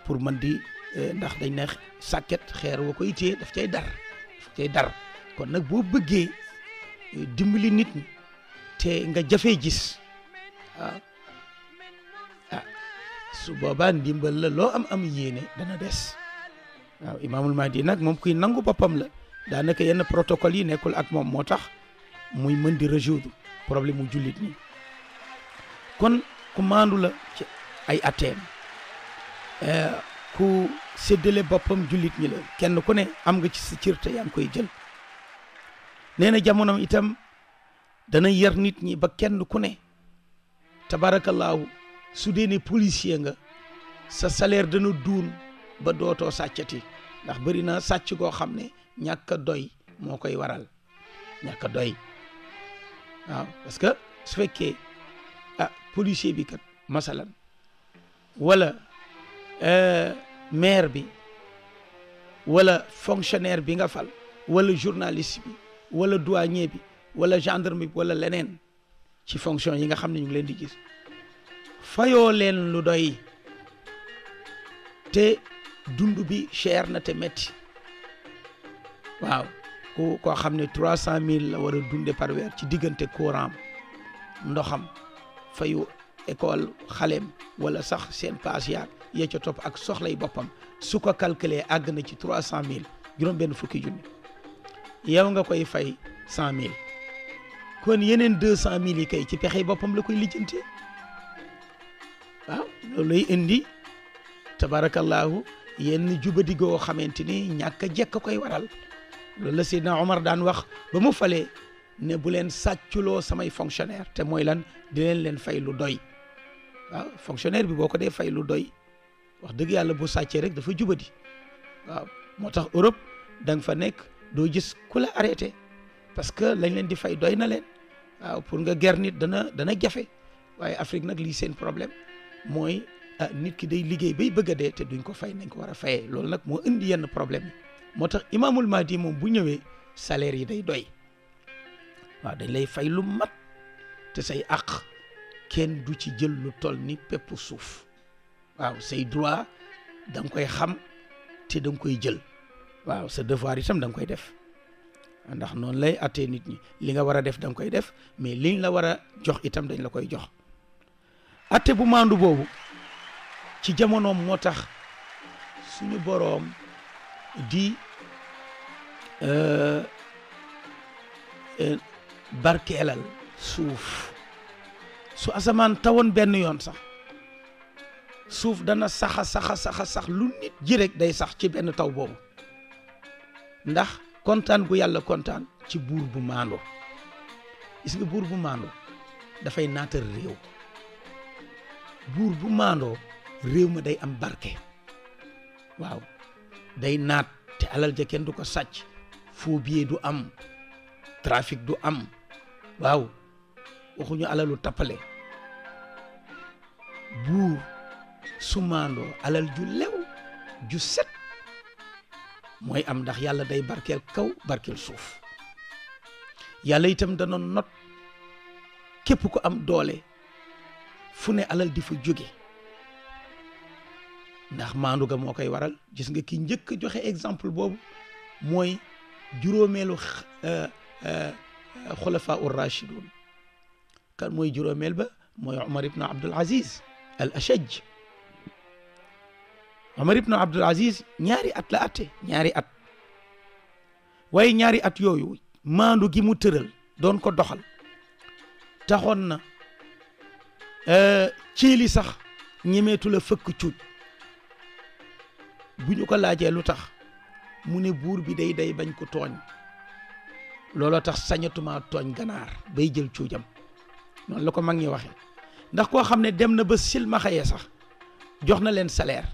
pour man di eh, ndax dañ ne sàkket xeer wa ko itee daf cay dar daf cay kon nag boo bëggee eh, dimbali nit ñi te nga jafee gis ah, ah su boobaa ndimbal la loo am am yéene dana des waaw imaamul mahdi nag moom kuy nangu boppam la daanaka yenn protocole yi nekkul ak moom moo tax muy mën di résoudre problème mu jullit ñi kon ku maandu la ci ay atteem Eh, ku séddale boppam jullit ñi la kenn ku ne am nga ci sa cër te koy jël nee na jamono itam dana yar nit ñi ba kenn ku ne tabarakallaahu su deene policier nga sa salaire dana duun ba dootoo sàccati ndax bëri na sàcc goo xam ne ñàkk doy moo koy waral ñàkk a doy parce que su fekkee ah, policier bi kat masalan wala Euh, maire bi wala fonctionnaire bi nga fal wala journaliste bi wala douanier bi wala gendarme bi wala leneen ci fonction yi nga xam ne ñu ngi leen di gis fayoo leen lu doy te dund bi cher na te metti waaw ku koo xam ne trois cent mille la war a dunde par weer ci diggante courant ndoxam fayu école xaleem wala sax seen paas yaag ya ca topp ak soxlay boppam su ko calculer àgg na ci trois cent mille juróom benn fukki junni yow nga koy fay cent mille kon yeneen deux cent mille yi kay ci pexey boppam la koy lijjantee waaw loolu lay indi tabarakallahu yenn jubadigoo xamante ni ñàkk a jekk koy waral loolu la Seydina Omar daan wax ba mu falee ne bu leen sàcculoo samay fonctionnaire te mooy lan di leen fay lu doy waaw fonctionnaire bi boo ko dee fay lu doy wax dëgg yàlla boo sàccee rek dafa jubadi waaw moo tax Europe da nga fa nekk doo gis ku la arrêté parce que lañ leen di fay doy na leen waaw pour nga ger nit dana dana jafe waaye Afrique nag lii seen problème mooy ah, nit ki day liggéey bay bëgg a dee te duñ ko fay nañ ko war a fayee loolu nag moo indi yenn problème moo tax imaamul di moom bu ñëwee salaire yi day doy waaw dañ lay fay lu mat te say àq kenn du ci jël lu toll ni pepp suuf waaw say droit dang koy xam te dang koy jël waaw sa devoir itam da nga koy def ndax noonu lay attee nit ñi li nga war a def da koy def mais liñ la war a jox itam dañ la koy jox atte bu maandu boobu ci jamonoom moo tax suñu boroom di euh, euh, barkeelal suuf su asamaan tawoon benn yoon sax suuf dana saxa saxa saxa sax lu nit ji day sax ci benn taw boobu ndax kontaan gu yàlla kontaan ci buur bu maandoo gis nga buur bu maandoo dafay naatal réew buur bu maandoo réew ma day am barke waaw day naat te alal ja kenn du ko sàcc faux billet du am trafic du am waaw waxuñu alalu tappale buur sumando alal ju lew ju set moy am ndax yàlla day barkel kaw barkel suuf yàlla itam non not kep ko am doole fune alal di jóge ndax mandu ga mokay waral gis nga ki ñeuk joxe exemple juromelu euh euh khulafa ur rashidun kan moy juromel ba moy Omar ibn Abdul Aziz al Ashaj Omar na Abdul Aziz ñaari at la atte ñaari at waaye ñaari at yooyu maandu gi mu tëral doon ko doxal taxoon na ciili euh, sax ñemeetu la fëkk cuuj bu ñu ko laajee lu tax mu ne buur bi day day bañ ko tooñ looloo tax sañatuma tooñ ganaar bay jël cuujam noonu la ko mag ñi waxee ndax koo xam ne dem na ba silmaxaye sax jox na leen saleer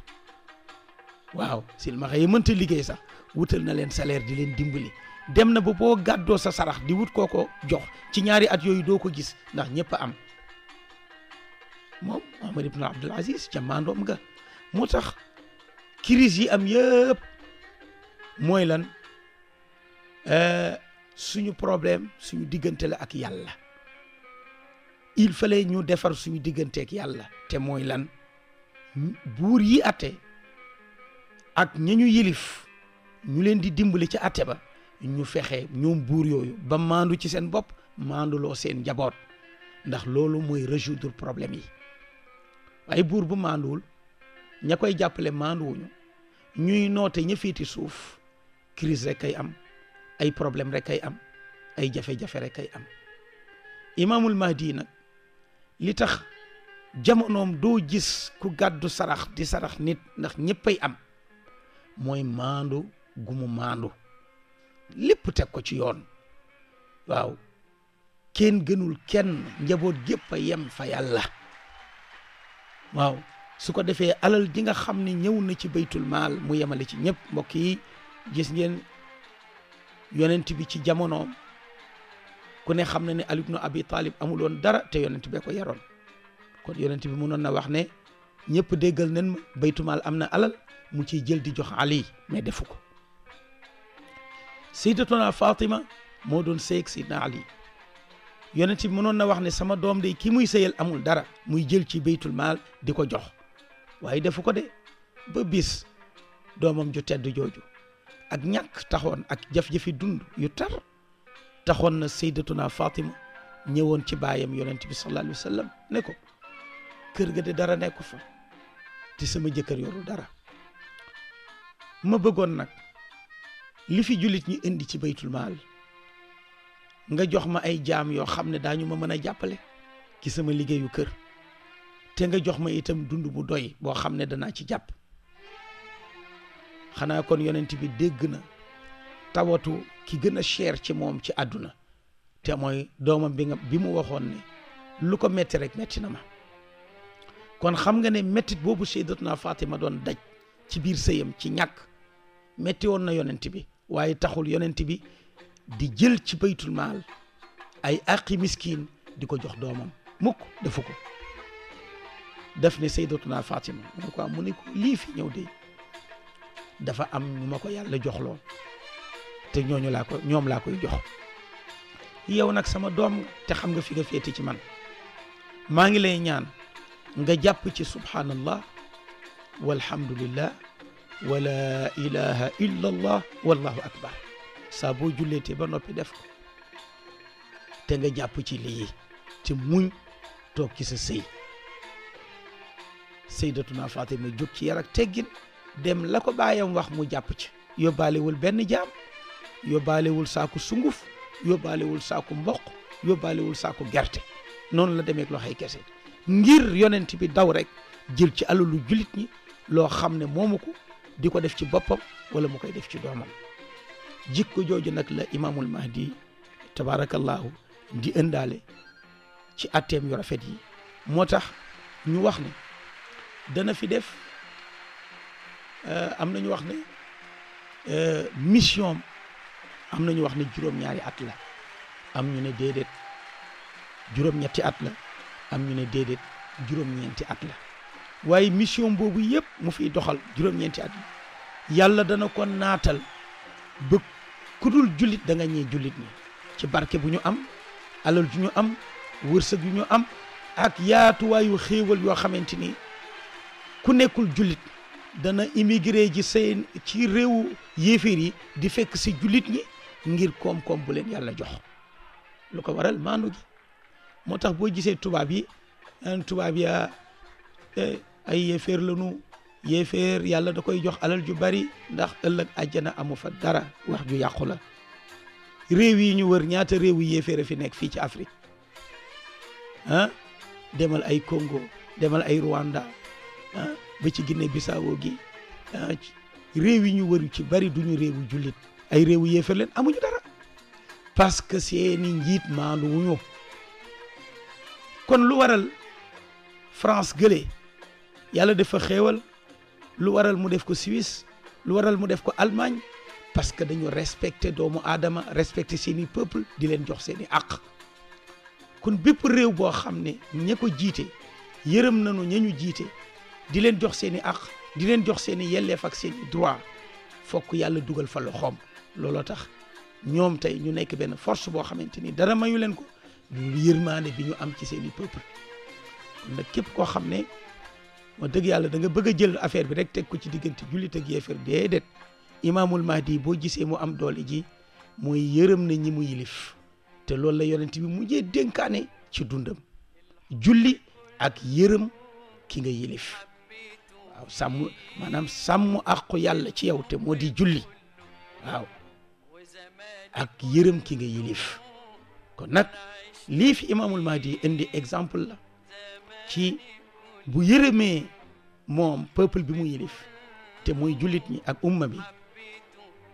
waaw silmaxa yi mënta liggéey sax wutal na leen salaire di leen dimbali dem na ba boo gàddoo sa sarax di wut koo ko jox ci ñaari at yooyu doo ko gis ndax ñëpp am moom Muhammad ibn Abdul Aziz ca maandoom ga moo tax crise yi am yëpp mooy lan euh, suñu problème suñu diggante la ak yàlla il fallait ñu defar suñu digganteek yàlla te mooy lan buur yi atte ak ñi ñu yilif ñu leen di dimbali ci àtte ba ñu fexe ñoom buur yooyu ba maandu ci seen bopp maanduloo seen njaboot ndax loolu mooy résoudre problème yi waaye buur bu maanduwul ña koy jàppale maanduwuñu ñuy noote ña féeti suuf crise rek kay am ay problème rek kay am ay jafe-jafe rek kay am imaamul mahdi nag li tax jamonoom doo gis ku gàddu sarax di sarax nit ndax ñëppay am mooy maandu gumu maandu lépp teg ko ci yoon waaw kenn gënul kenn njaboot gépp a yem fa yàlla waaw su ko defee alal ji nga xam ne ñëw na ci baytul maal mu yemale ci ñëpp mbokk yi gis ngeen yonent bi ci jamonoom ku ne xam na ni Ali ibn Abi Talib amuloon dara te yonent bee ko yaroon kon yonent bi mënoon na wax ne ñëpp déggal nañ ma baytul am na alal mu ciy jël di jox Ali mais defu ko sayyidatuna Fatima moo doon sëyeg sayyidna Ali yonent bi mënoon na wax ne sama doom de ki muy sëyal amul dara muy jël ci baytul maal di ko jox waaye defu ko de ba bis doomam ju tedd jooju ak ñàkk taxoon ak jaf-jafi dund yu tar taxoon na sayyidatuna Fatima ñëwoon ci baayam yonent bi sallallahu alayhi wa ne ko kër ga de dara nekku fa te sama jëkkër yorul dara ma bëggoon nag li fi jullit ñi indi ci baytul nga jox ma ay jaam yoo xam ne daañu ma mën a jàppale ci sama liggéeyu kër te nga jox ma itam dund bu doy boo xam ne danaa ci jàpp xanaa kon yonent bi dégg na tawatu ki gën a cher ci moom ci àdduna te mooy doomam bi nga bi mu waxoon ne lu ko metti rek metti na ma kon xam nga ne mettit boobu naa Seydatuna ma doon daj ci biir sëyam ci ñàkk metti woon na yonent bi waaye taxul yonent bi di jël ci baytul maal ay aqi miskin di ko jox doomam mukk defu ko def ne sayyidatuna Fatima mu ne ko mu ne ko lii fi ñëw de dafa am ñu ma ko yàlla joxloo te ñooñu laa ko ñoom laa koy jox yow nag sama doom te xam nga fi nga féete ci man maa ngi lay ñaan nga jàpp ci subhanallah walhamdulillah ولا إله إلا الله والله أكبر سابو جولي تبا نوبي تنجا جابو تي لي تي موين تو كيس سي سيدتنا فاطمة جوكي يارك تيجين دم لكو بايام وخ مو جابو تي يوبالي ول بن جام يوبالي ول ساكو سنغوف يوبالي ول ساكو مبوك يوبالي ول ساكو جرتي نون لا دمي كلو خاي كيسي ngir yonent bi daw rek jël ci alalu julit ñi loo xam diko def ci bopam wala mu koy def ci domam jikko joju nak la imaamul mahdi tabarakallah di andale ci atem yu rafet yi motax ñu wax ne dana fi def euh amna ñu wax ne mission amna ñu wax ne juróom-ñaari at la am ñu ne dedet juroom juróom-ñetti at la am ñu ne dedet juroom ñenti at la waaye mission boobu yëpp mu fiy doxal juróom-ñeenti at yi yàlla dana ko naatal ba ku dul jullit da nga ñee jullit ñi ci barke bu ñu am alal ju ñu am wërsëg yu ñu am ak yaatuwaayu xéewal yoo xamante ni ku nekkul jullit dana immigré ji seen ci réewu yéeféer yi di fekk si jullit ñi ngir koom-koom bu leen yàlla jox lu ko waral maandu gi moo tax boo gisee tubaab yi naan tubaab ya eh, ay yéeféer lanu yàlla da koy jox alal ju bari ndax ëllëg àjjana amu fa dara wax ju yàqu la réew yi ñu wër ñaata réew yi yéeféer fi nekk fii ci Afrique ah demal ay Congo demal ay Rwanda ah ba ci Guinée Bissau gi ah, réew yi ñu wër ci bari duñu réew jullit ay réewu yéeféer leen amuñu dara parce que seeni njiit maandu wuñu kon lu waral France gëlee yàlla dafa xeewal lu waral mu def ko Suisse lu waral mu def ko Allemagne parce que dañu respecté doomu aadama respecté seeni peuple di leen jox seeni àq kon bépp réew boo xam ne ña ko jiite yërëm nañu ña ñu jiite di leen jox seeni àq di leen jox seeni yelleef ak seeni droit fokk yàlla dugal fa loxoom looloo tax ñoom tey ñu nekk benn force boo xamante ni dara mayu leen ko lu yërmaane bi ñu am ci seeni peuple kon nag képp koo xam ne moo dëgg yàlla da nga bëgg jël affaire bi rek teg ko ci diggante jullit ak yéefar déedéet imaamul mahdi boo gisee mu am doole ji mooy yërëm na ñi mu yilif te loolu la yonent bi mujjee dénkaane ci dundam julli ak yërëm ki nga yilif waaw sàmm maanaam sàmm àqu yàlla ci yow te moo di julli waaw ak yërëm ki nga yilif kon nag lii fi imaamul mahdi indi exemple la ci bu yërëmee moom peuple bi mu yilif te muy jullit ñi ak umma bi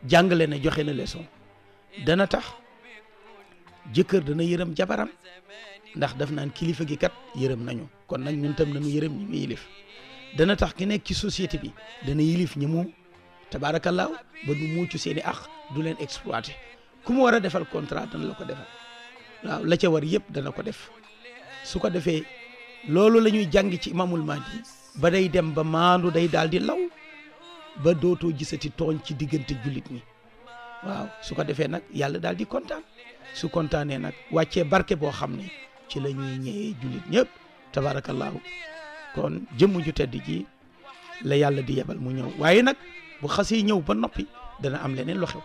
jàngale na joxe na leçon dana tax jëkkër dana yërëm jabaram ndax def naan kilifa gi kat yërëm nañu kon nag ñun tam nañu yërëm ñi mu yilif dana tax ki nekk ci société bi dana yilif ñi mu tabaarakallaaw ba du mucc seen i ax du leen exploité ku mu war a defal contrat dana la ko defal waaw la ca war yëpp dana ko def su defee loolu lañuy ñuy jàng ci imaamul mahdi ba day dem ba maandu day daal di law ba dootoo gisati tooñ ci diggante jullit ñi waaw su ko defee nag yàlla daal di kontaan su kontaanee nag wàccee barke boo xam ne ci la ñuy ñëwee jullit ñëpp tabaarakallaahu kon jëmm ju tedd ji la yàlla di yebal mu ñëw waaye nag bu xasee ñëw ba noppi dana am leneen lu xew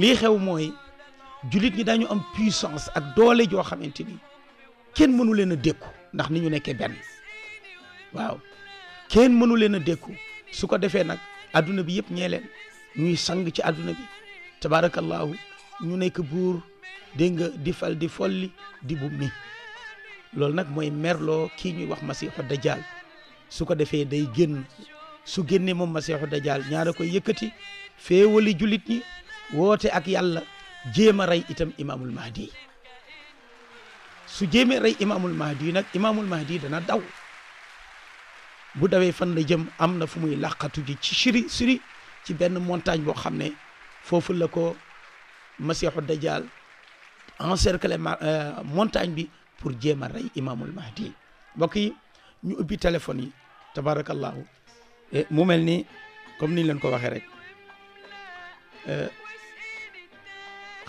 lii xew mooy jullit ñi daañu am puissance ak doole joo xamante ni kenn mënu leen a dékku ndax ni ñu nekkee benn waaw kenn mënu leen a dékku su ko defee nag adduna bi yëpp ñee ñuy sang ci adduna bi tabaarakallaahu ñu nekk buur dégg nga di fal di folli di bu mi loolu nag mooy merloo kii ñuy wax masiixu dajjal su ko defee day génn su génnee moom masi masiixu dajjal ñaara koy yëkkati féewali jullit ñi woote ak yàlla jéem a rey itam imaamul mahdi su jéemee rey imaamul mahdi nag imaamul mahdi dana daw bu dawee fan la jëm am na fu muy làqatu ji ci siri siri ci benn montagne boo xam ne foofu la ko masiixu dajjal encercler euh, montagne bi pour jéem a rey imaamul mahdi mbokk yi ñu ubbi téléphone yi tabarakallahu e, mu mel ni comme ni leen ko waxee rek euh,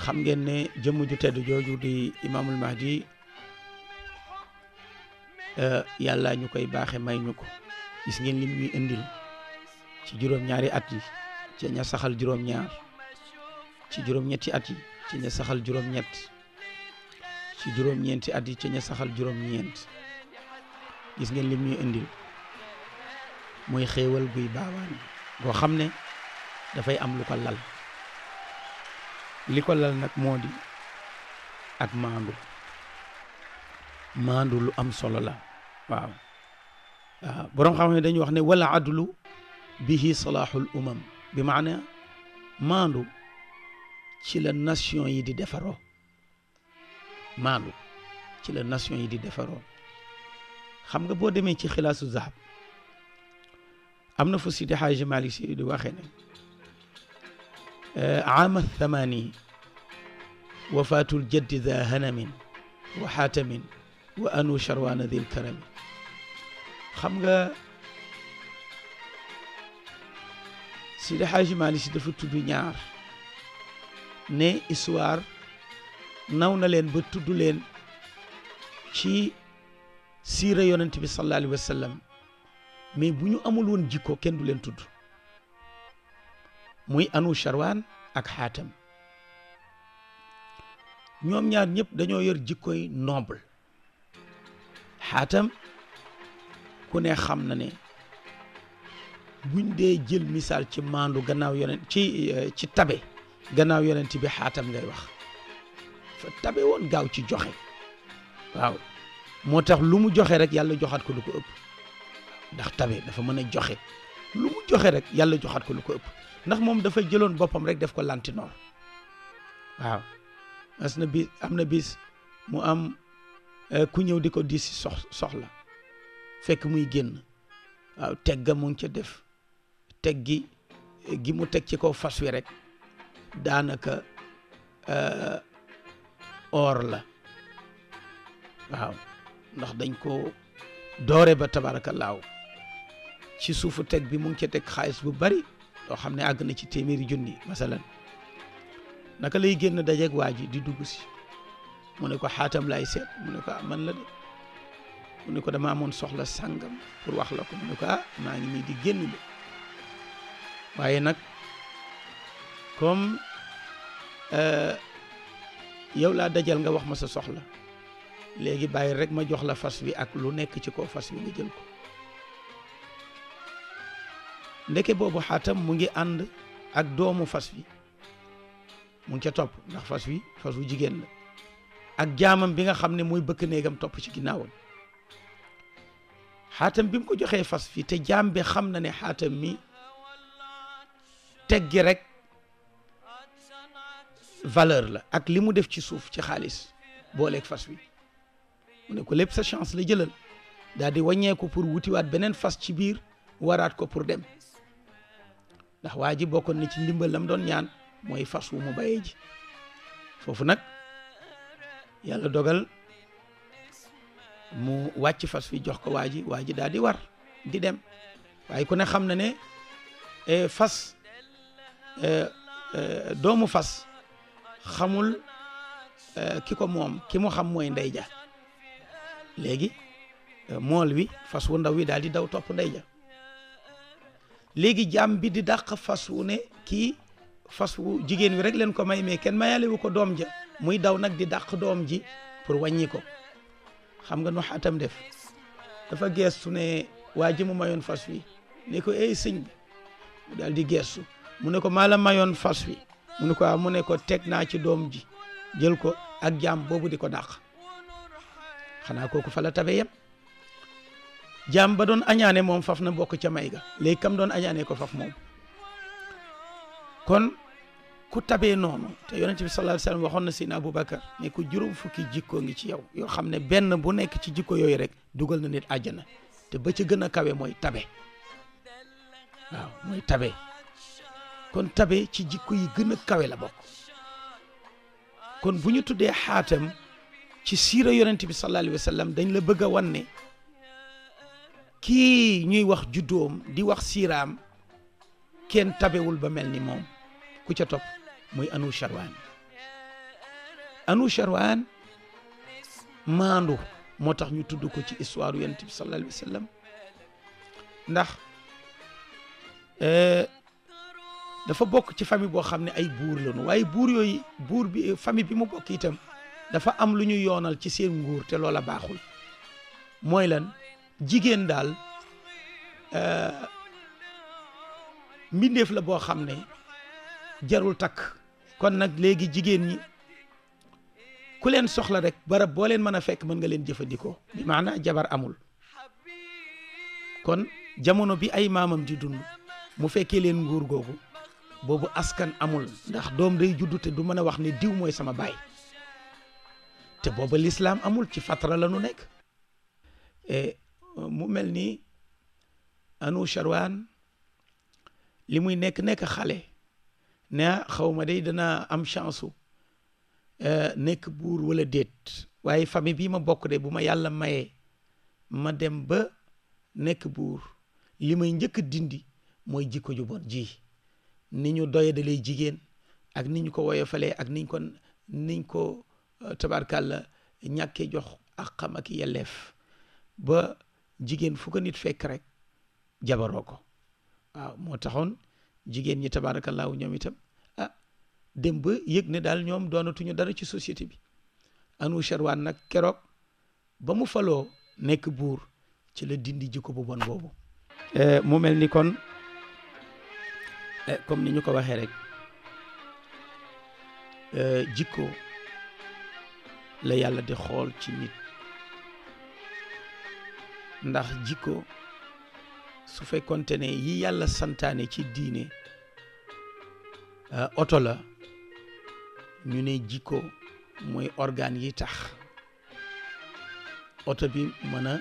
xam ngeen ne jëmm ju tedd jooju di imaamul mahdi Eh, yàlla ñu koy baaxe may ñu ko gis ngeen lim ñuy indil ci juróom-ñaari at yi ci ña saxal juróom-ñaar at yi saxal juróom-ñett ci juróom-ñeenti at yi ci ña saxal juróom-ñeent gis ngeen lim ñuy indil mooy xéewal guy baawaan goo xam ne dafay am lu ko lal li ko lal nag moo di ak maandu maandu lu am solo la waaw waaw borom xam ne dañuy wax ne wala adlu bihi salaaxul umam bi maana maandu ci la nation yi di defaroo maandu ci la nation yi di defaroo xam nga boo demee ci xilaasu zahab am na fu Sidi Xaaji Malik Si di waxee ne aama thamani wafaatul jaddi daa hanamin wa xaatamin وانو شروان ذي الكرم خمغا سيدي حاجي مالي سيدي فتو بنيار ني اسوار نونا لين بتو لين شي سيرة يونتبي صلى الله عليه وسلم مي بنيو أمولون جيكو كن دولين تود موي أنو شروان أك حاتم نيوم نيار نيب دانيو يور جيكوي نوبل xaatam ku ne xam na ne buñ dee jël misaal ci maandu gannaaw yonent ci eh, ci tabe gannaaw yonent bi xaatam ngay wax fa tabe woon gaaw ci joxe waaw moo tax lu mu joxe rek yàlla joxaat ko lu ko ëpp ndax dafa mën a joxe lu joxe rek yàlla joxaat ko lu ko ëpp ndax moom dafa jëloon boppam rek def ko lantinoo waaw mas na bis am na bis mu am Euh, ku ñëw di ko di si sox soxla fekk muy génn waaw teg ga mu ngi ca def teg gi gi mu teg ci kaw fas wi rek daanaka euh, or la waaw ndax dañ ko doore ba tabarakallaahu ci suufu teg bi mu ngi ca teg xaalis bu bari loo xam ne àgg na ci téeméeri junni masalan naka lay génn dajeeg waa ji di dugg si mu ne ko xaatam laay seet mu ne ko ah man la de mu ne ko dama amoon soxla sàngam pour wax la ko mu ne ko ah maa ngi nii di génn de waaye nag comme euh, yow laa dajal nga wax ma sa soxla léegi bàyyi rek ma jox la fas wi ak lu nekk ci kaw fas wi nga jël ko ndeke boobu xaatam mu ngi ànd ak doomu fas wi mu ngi ca topp ndax fas wi fas wu jigéen la ak jaamam bi nga xam ne mooy bëkk néegam topp ci ginnaawam xaatam bi mu ko joxee fas fii te jaam be xam na ne xaatam mi teggi rek valeur la ak li mu def ci suuf ci xaalis booleek fas wi mu ne ko lépp sa chance la jëlal daal di wàññeeku pour wutiwaat beneen fas ci biir waraat ko pour dem ndax waa ji bokkoon na ci ndimbal lam doon ñaan mooy fas wu mu bayee ji foofu yàlla dogal mu wàcc fas fi jox ko waa ji waa ji daal di war di dem waaye ku ne xam na ne e, fas e, e, doomu fas xamul ki ko moom ki mu xam mooy ndey léegi mool wi fas wu ndaw wi daal di daw topp ndey léegi jaam bi di dàq fas wu ne kii fas wu jigéen wi rek leen ko may mais kenn mayaale wu ko doom ja muy daw nag di dàq doom ji pour wàññi ko xam nga nu xatam def dafa geestu ne waa ji mu mayoon fas wi ne ko ey sëñ dal mu daal di geestu mu ne ko maa mayoon fas wi mu ne ko ah, mu ne ko teg naa ci doom ji jël ko ak jaam boobu di ko dàq xanaa kooku fa la tabe yem jaam ba doon añaane moom faf na bokk ca may ga léegi kam doon añaane ko faf moom kon ku tabee noonu te yonent bi sallallahu alayhi waxoon na Seydina Aboubacar ne ku juróom fukki jikkoo ngi ci yow yoo xam ne benn bu nekk ci jikko yooyu rek dugal na nit àjjana te ba ca gën a kawe mooy tabe tabe kon tabe ci jikko yi gën a kawe la bokk kon bu ñu tuddee xaatam ci siira yonent bi sallallahu alayhi dañ la bëgg a wanne kii ñuy wax juddoom di wax siiraam kenn tabewul ba mel ni moom ku ca topp mooy anu charwaan anu charwaan maandu moo tax ñu tudd ko ci histoire yonent bi sallallahu alayhi wa ndax eh, dafa bokk ci famille boo xam ne ay buur lañu waaye buur yooyu buur bi famille bi mu bokk itam dafa am lu ñu yoonal ci seen nguur te loola baaxul mooy lan jigéen daal eh, mbindeef la boo xam ne jarul takk kon nag léegi jigéen ñi ku leen soxla rek barab boo leen mën a fekk mën nga leen jëfandikoo bi maanaa jabar amul kon jamono bi ay maamam di dund mu fekkee leen nguur googu boobu askan amul ndax doom day juddu te du mën a wax ni diw mooy sama baay te booba lislaam amul ci fatra la nu nekk e, mu mel ni anu charwaan li muy nekk nekk xale ne xaw ma day danaa am chance eh, nekk buur wala déet waaye famille bii ma bokk de bu ma yàlla mayee ma dem ba nekk buur li may njëkk dindi mooy jikko ju bon ji ni ñu doyadalee jigéen ak ni ñu ko woyofalee ak niñ ko niñ ko eh, tabarkàlla ñàkkee jox ak xam ak yelleef ba jigéen fu nit fekk rek jabaroo ko moo taxoon jigéen ñi tabaarakallaahu ñoom itam ah dem ba yëg ne daal ñoom doonatuñu dara ci société bi Anou Sherwane nag keroog ba mu faloo nekk buur ci la dindi jikko bu bon boobu eh, mu mel ni kon eh, comme ni ñu ko waxee rek eh, jikko la yàlla di xool ci nit ndax jikko su fekkonte ne yi yàlla santaane ci diine euh, oto la ñu ne jikko mooy organe yi tax oto bi mën a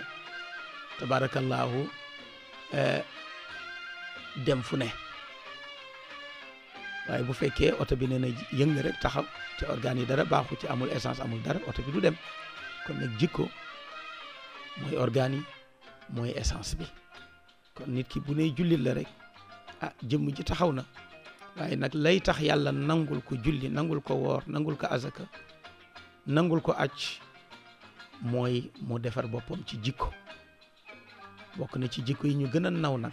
tabaarakallaahu euh, dem fu ne waaye bu fekkee oto bi nee na yëng rek taxaw te organes yi dara baaxu ci amul essence amul dara oto bi du dem kon nag jikko mooy organes mooy essence bi nit ki bu ne jullit la rek ah jëmm ji taxaw na waaye nag lay tax yàlla nangul ko julli nangul ko woor nangul ko azaka nangul ko acc mooy mu defar boppam ci jikko bokk na ci jikko yi ñu gën a naw nag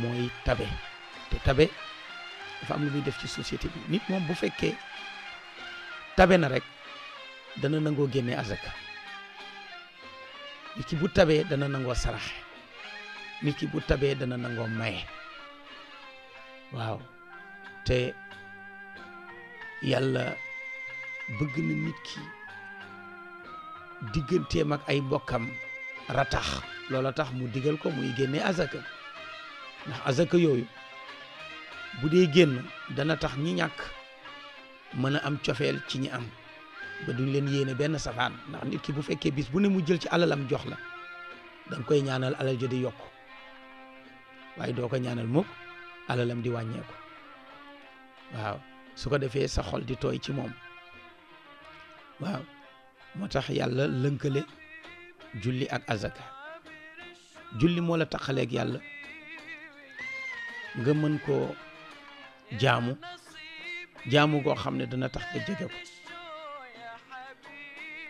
mooy tabe te tabe dafa am lu muy def ci société bi nit moom bu fekkee tabe na rek dana nangoo génne azaka nit ki bu tabee dana nangoo saraxe nit ki bu tabee dana nangoo maye waaw te yàlla bëgg na nit ki digganteem ak ay bokkam ratax loola tax mu digal ko muy génne azaka ndax azaka yooyu bu dee génn dana tax ñi ñàkk mën a am cofeel ci ñi am ba duñ leen yéene benn safaan ndax nit ki bu fekkee bis bu ne mu jël ci alalam jox la danga koy ñaanal alal ja di yokk waaye doo ko ñaanal mukk alalam di wàññeeku waaw su ko defee sa xol di tooy ci moom waaw moo tax yàlla lënkale julli ak azaka julli moo la taxaleeg yàlla nga mën koo jaamu jaamu goo xam ne dana tax nga jege ko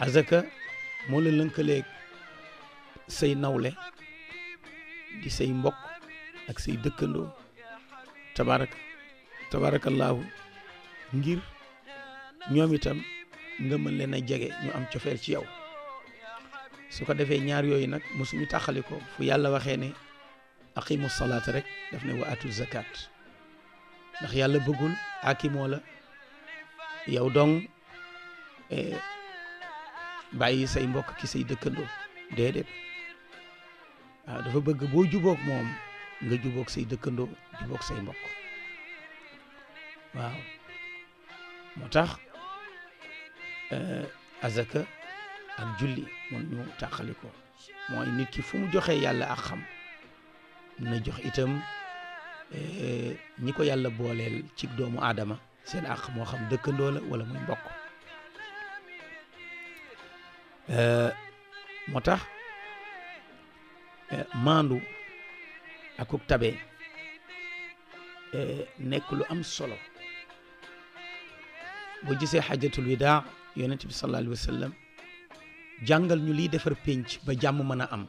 azaka moo la lënkaleeg say nawle di say mbokk ak say dëkkandoo tabaaraka tabaarakallaahu ngir ñoom itam nga mën leen a jege ñu am cofeel ci yow su ko defee ñaar yooyu nag mosuñu tàqali ko fu yàlla waxee ne aqimu salaata rek daf ne wa atu zakat ndax yàlla bëggul akimoo la yow dong e, bàyyi say mbokk ki say dëkkandoo déedéet waaw dafa bëgg boo jubook moom nga jubóog say dëkkandoo jubóog say mbokk waaw moo tax euh, azaka ak julli mun ñu tàqali mooy nit fu mu joxee yàlla ak xam na jox itam euh, ñi ko yàlla booleel ci doomu aadama seen àq moo xam dëkkandoo la wala muy mbokk euh, moo tax maandu akuk tabe e, nekk lu am solo bu gisee xajatul wida yonent bi sallallahu alayhi wa jàngal ñu liy defar pénc ba jàmm mën a am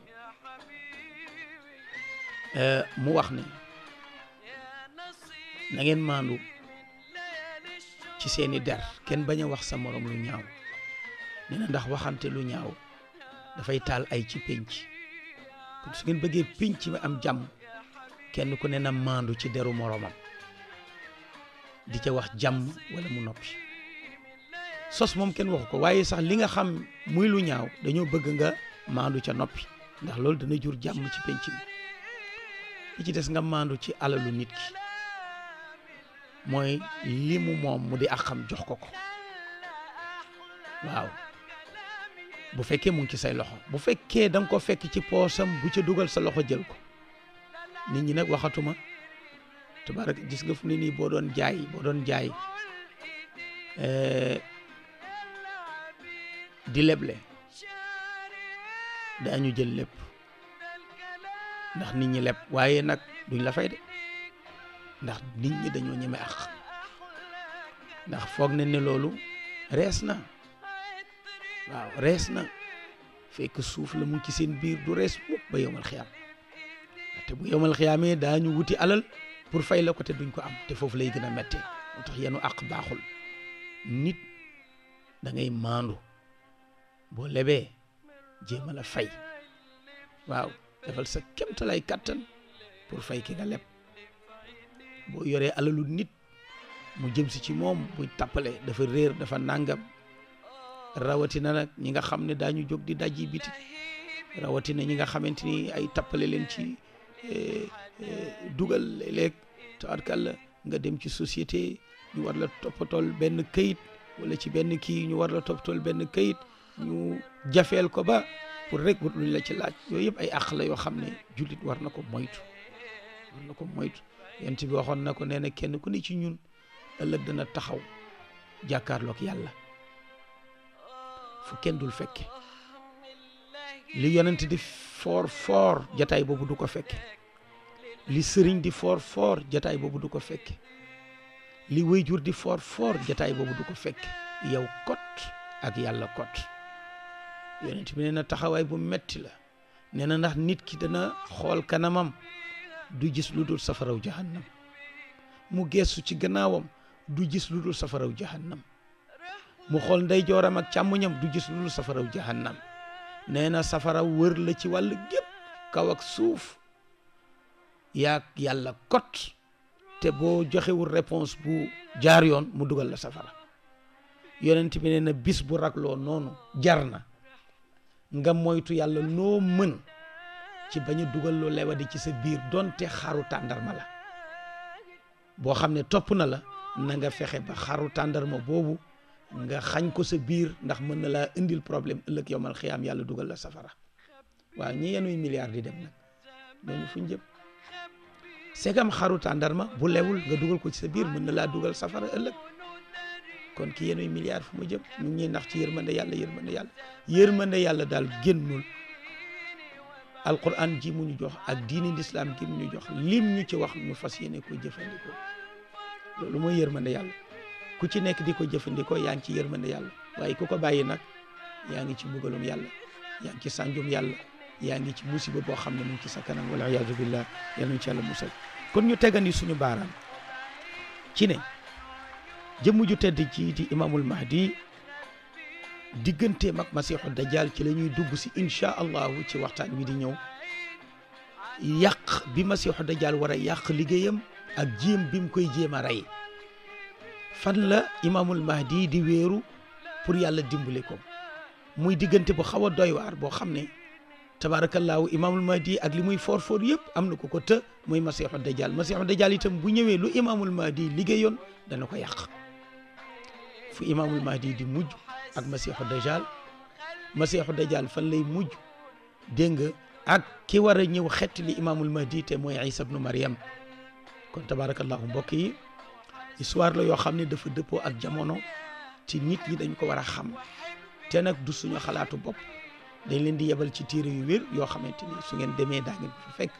e, mu wax ne nangeen ngeen maandu ci seeni der kenn bañ a wax sa morom lu ñaaw nee na ndax waxante lu ñaaw dafay taal ay ci pénc su ngeen bëggee pénc mi am jàmm kenn ku ne na maandu ci deru moromam di ca wax jam wala mu noppi sos mom kenn waxu ko waye sax li nga xam muy lu ñaaw dañu bëgg nga maandu ca noppi ndax loolu dana jur jam ci penc mi ci dess nga maandu ci alalu nit ki moy limu mom mu di akam jox ko ko waaw bu fekke mu ngi ci say loxo bu fekke dang ko fekk ci posam bu ci dugal sa loxo jël ko nit ñi nag waxatuma tabarak gis nga fu ne nii boo doon jaay boo doon jaay eh, di leble daañu jël lépp ndax nit ñi leb waaye nag duñ la fay de ndax nit ñi dañoo ñeme ak ndax foog na ne loolu rees na waaw rees na fekk suuf la mu ci seen biir du rees mukk ba yomal xiyam te bu yowmal xiyaamee daañu wuti alal pour fay la ko te duñ ko am te foofu lay gën a méttee moo tax yenu àq baaxul nit dangay ngay maandu boo lebee jéemal a fay waaw defal sa kémtalay kàttan pour fay ki nga leb boo yoree alalu nit mu jëm si ci moom bu tappale dafa réer dafa nàngam rawatina nag ñi nga xam ne daañu jóg di dajji biti rawatina ñi nga xamante ni ay tappale leen ci Eh, eh, dugal léeg-léeg tabarkàlla nga dem ci société ñu war la toppatool benn kayit wala ci benn kii ñu war la toppatool benn kayit ñu jafeel ko ba pour rek wut luñ la ci laaj yooyu yëpp ay àq la yoo xam ne jullit war na ko moytu war na ko moytu yent bi waxoon na ko nee na kenn ku ne ci ñun ëllëg dana taxaw jàkkaarlook yàlla fu kenn dul fekke li yonent di foor foor jataay boobu du ko fekke li sëriñ di foor foor jataay boobu du ko fekke li wéyjur di foor foor jataay boobu du ko fekke yow kot ak yàlla kot yonent bi nee na taxawaay bu metti la nee na ndax nit ki dana xool kanamam du gis lu dul safaraw jahannam mu geesu ci gannaawam du gis lu dul safaraw jahannam mu xool ndeyjooram ak càmmoñam du gis lu dul safaraw jahannam nee na safara wër la ci wàll gépp kaw ak suuf yaag yàlla kot te boo joxewul réponse bu jaar yoon mu dugal la safara yonent bi nee na bis bu ragloo noonu jar na nga moytu yàlla noo mën ci bañ a dugal lu lewadi ci sa biir donte xaru tàndarma la boo xam ne topp na la na nga fexe ba xaru tàndarma boobu nga xañ ko sa biir ndax mën na laa indil problème ëllëg yow mal xiyaam yàlla dugal la safara waaw ñi yenuy milliards di dem nag ñooñu fuñ jëm segam xaru tàndarma bu lewul nga dugal ko ci sa biir mën na laa dugal safara ëllëg kon ki yenuy milliards fu mu jëm ñu ndax ci nax ci yërmande yàlla yërmande yàlla yërmande yàlla daal génnul alquran ji mu ñu jox ak diini lislaam gi mu ñu jox lim ñu ci wax ñu fas yéene ko jëfandikoo loolu mën yërmande yàlla ku ci nekk di ko jëfandikoo yaa ngi ci yërmande yàlla waaye ku ko bàyyi nag yaa ngi ci mbugalum yàlla yaa ngi ci sànjum yàlla yaa ngi ci musiba boo xam ne mu ngi ci sa kanam wala iyaazu billah yal nañu ci yàlla musal kon ñu tegandi suñu baaraam ci ne jëmm ju tedd ci di imaamul mahdi digganteem ak masiixu ci la ñuy dugg si incha allahu ci waxtaan wi di ñëw yàq bi masiixu dajaal war a yàq liggéeyam ak jéem bi mu koy jéem a rey fan la imamul mahdi di wéru pour yàlla dimbale ko muy diggante bu xaw a doy waar boo xam ne tabaarakallaahu imaamul mahdi ak li muy for yëpp am na ko ko të muy masiixu dajjal masiixu dajjal itam bu ñëwee lu imamul mahdi liggéeyoon dana ko yàq fu imamul mahdi di mujj ak masiixu dajjal masiixu dajjal fan lay mujj dégg ak ki war a ñëw xett li imamul mahdi te mooy isa bnu mariam kon tabaarakallaahu mbokk yi histoire la yoo xam ne dafa dëppoo ak jamono ci nit ñi dañ ko war a xam te nag du suñu xalaatu bopp dañ leen di yebal ci téere yu wér yoo xamante ni su ngeen demee daa ngeen fekk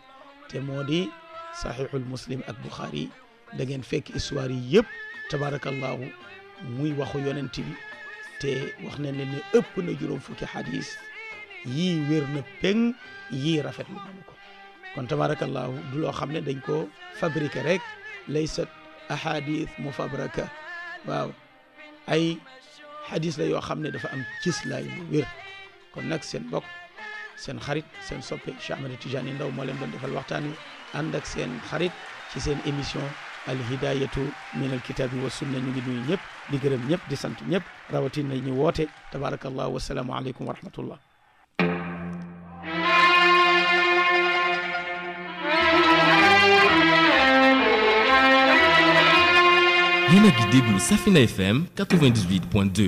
te moo di saxiixul muslim ak buxaari da ngeen fekk histoire yi yëpp tabaarakallaahu muy waxu yonent bi te wax nañ leen ne ëpp na juróom fukki xadis yii wér na peng yii rafetlu nañu ko kon tabaarakallaahu du loo xam ne dañ ko fabriqué rek laysat axaadiis mufabraka waaw ay xadis la yoo xam ne dafa am cislaay bu wér kon nag seen bokk seen xarit seen soppe Cheikh Ahmed Tidiane Ndao moo leen doon defal waxtaan wi ànd ak seen xarit ci seen émission al hidayatu min al kitabi wa sunna ñu ngi nuyu ñëpp di gërëm ñëpp di sant ñëpp rawatina ñu woote tabarakallah wasalaamu aleykum wa rahmatullah yéen a Safina FM 98.2.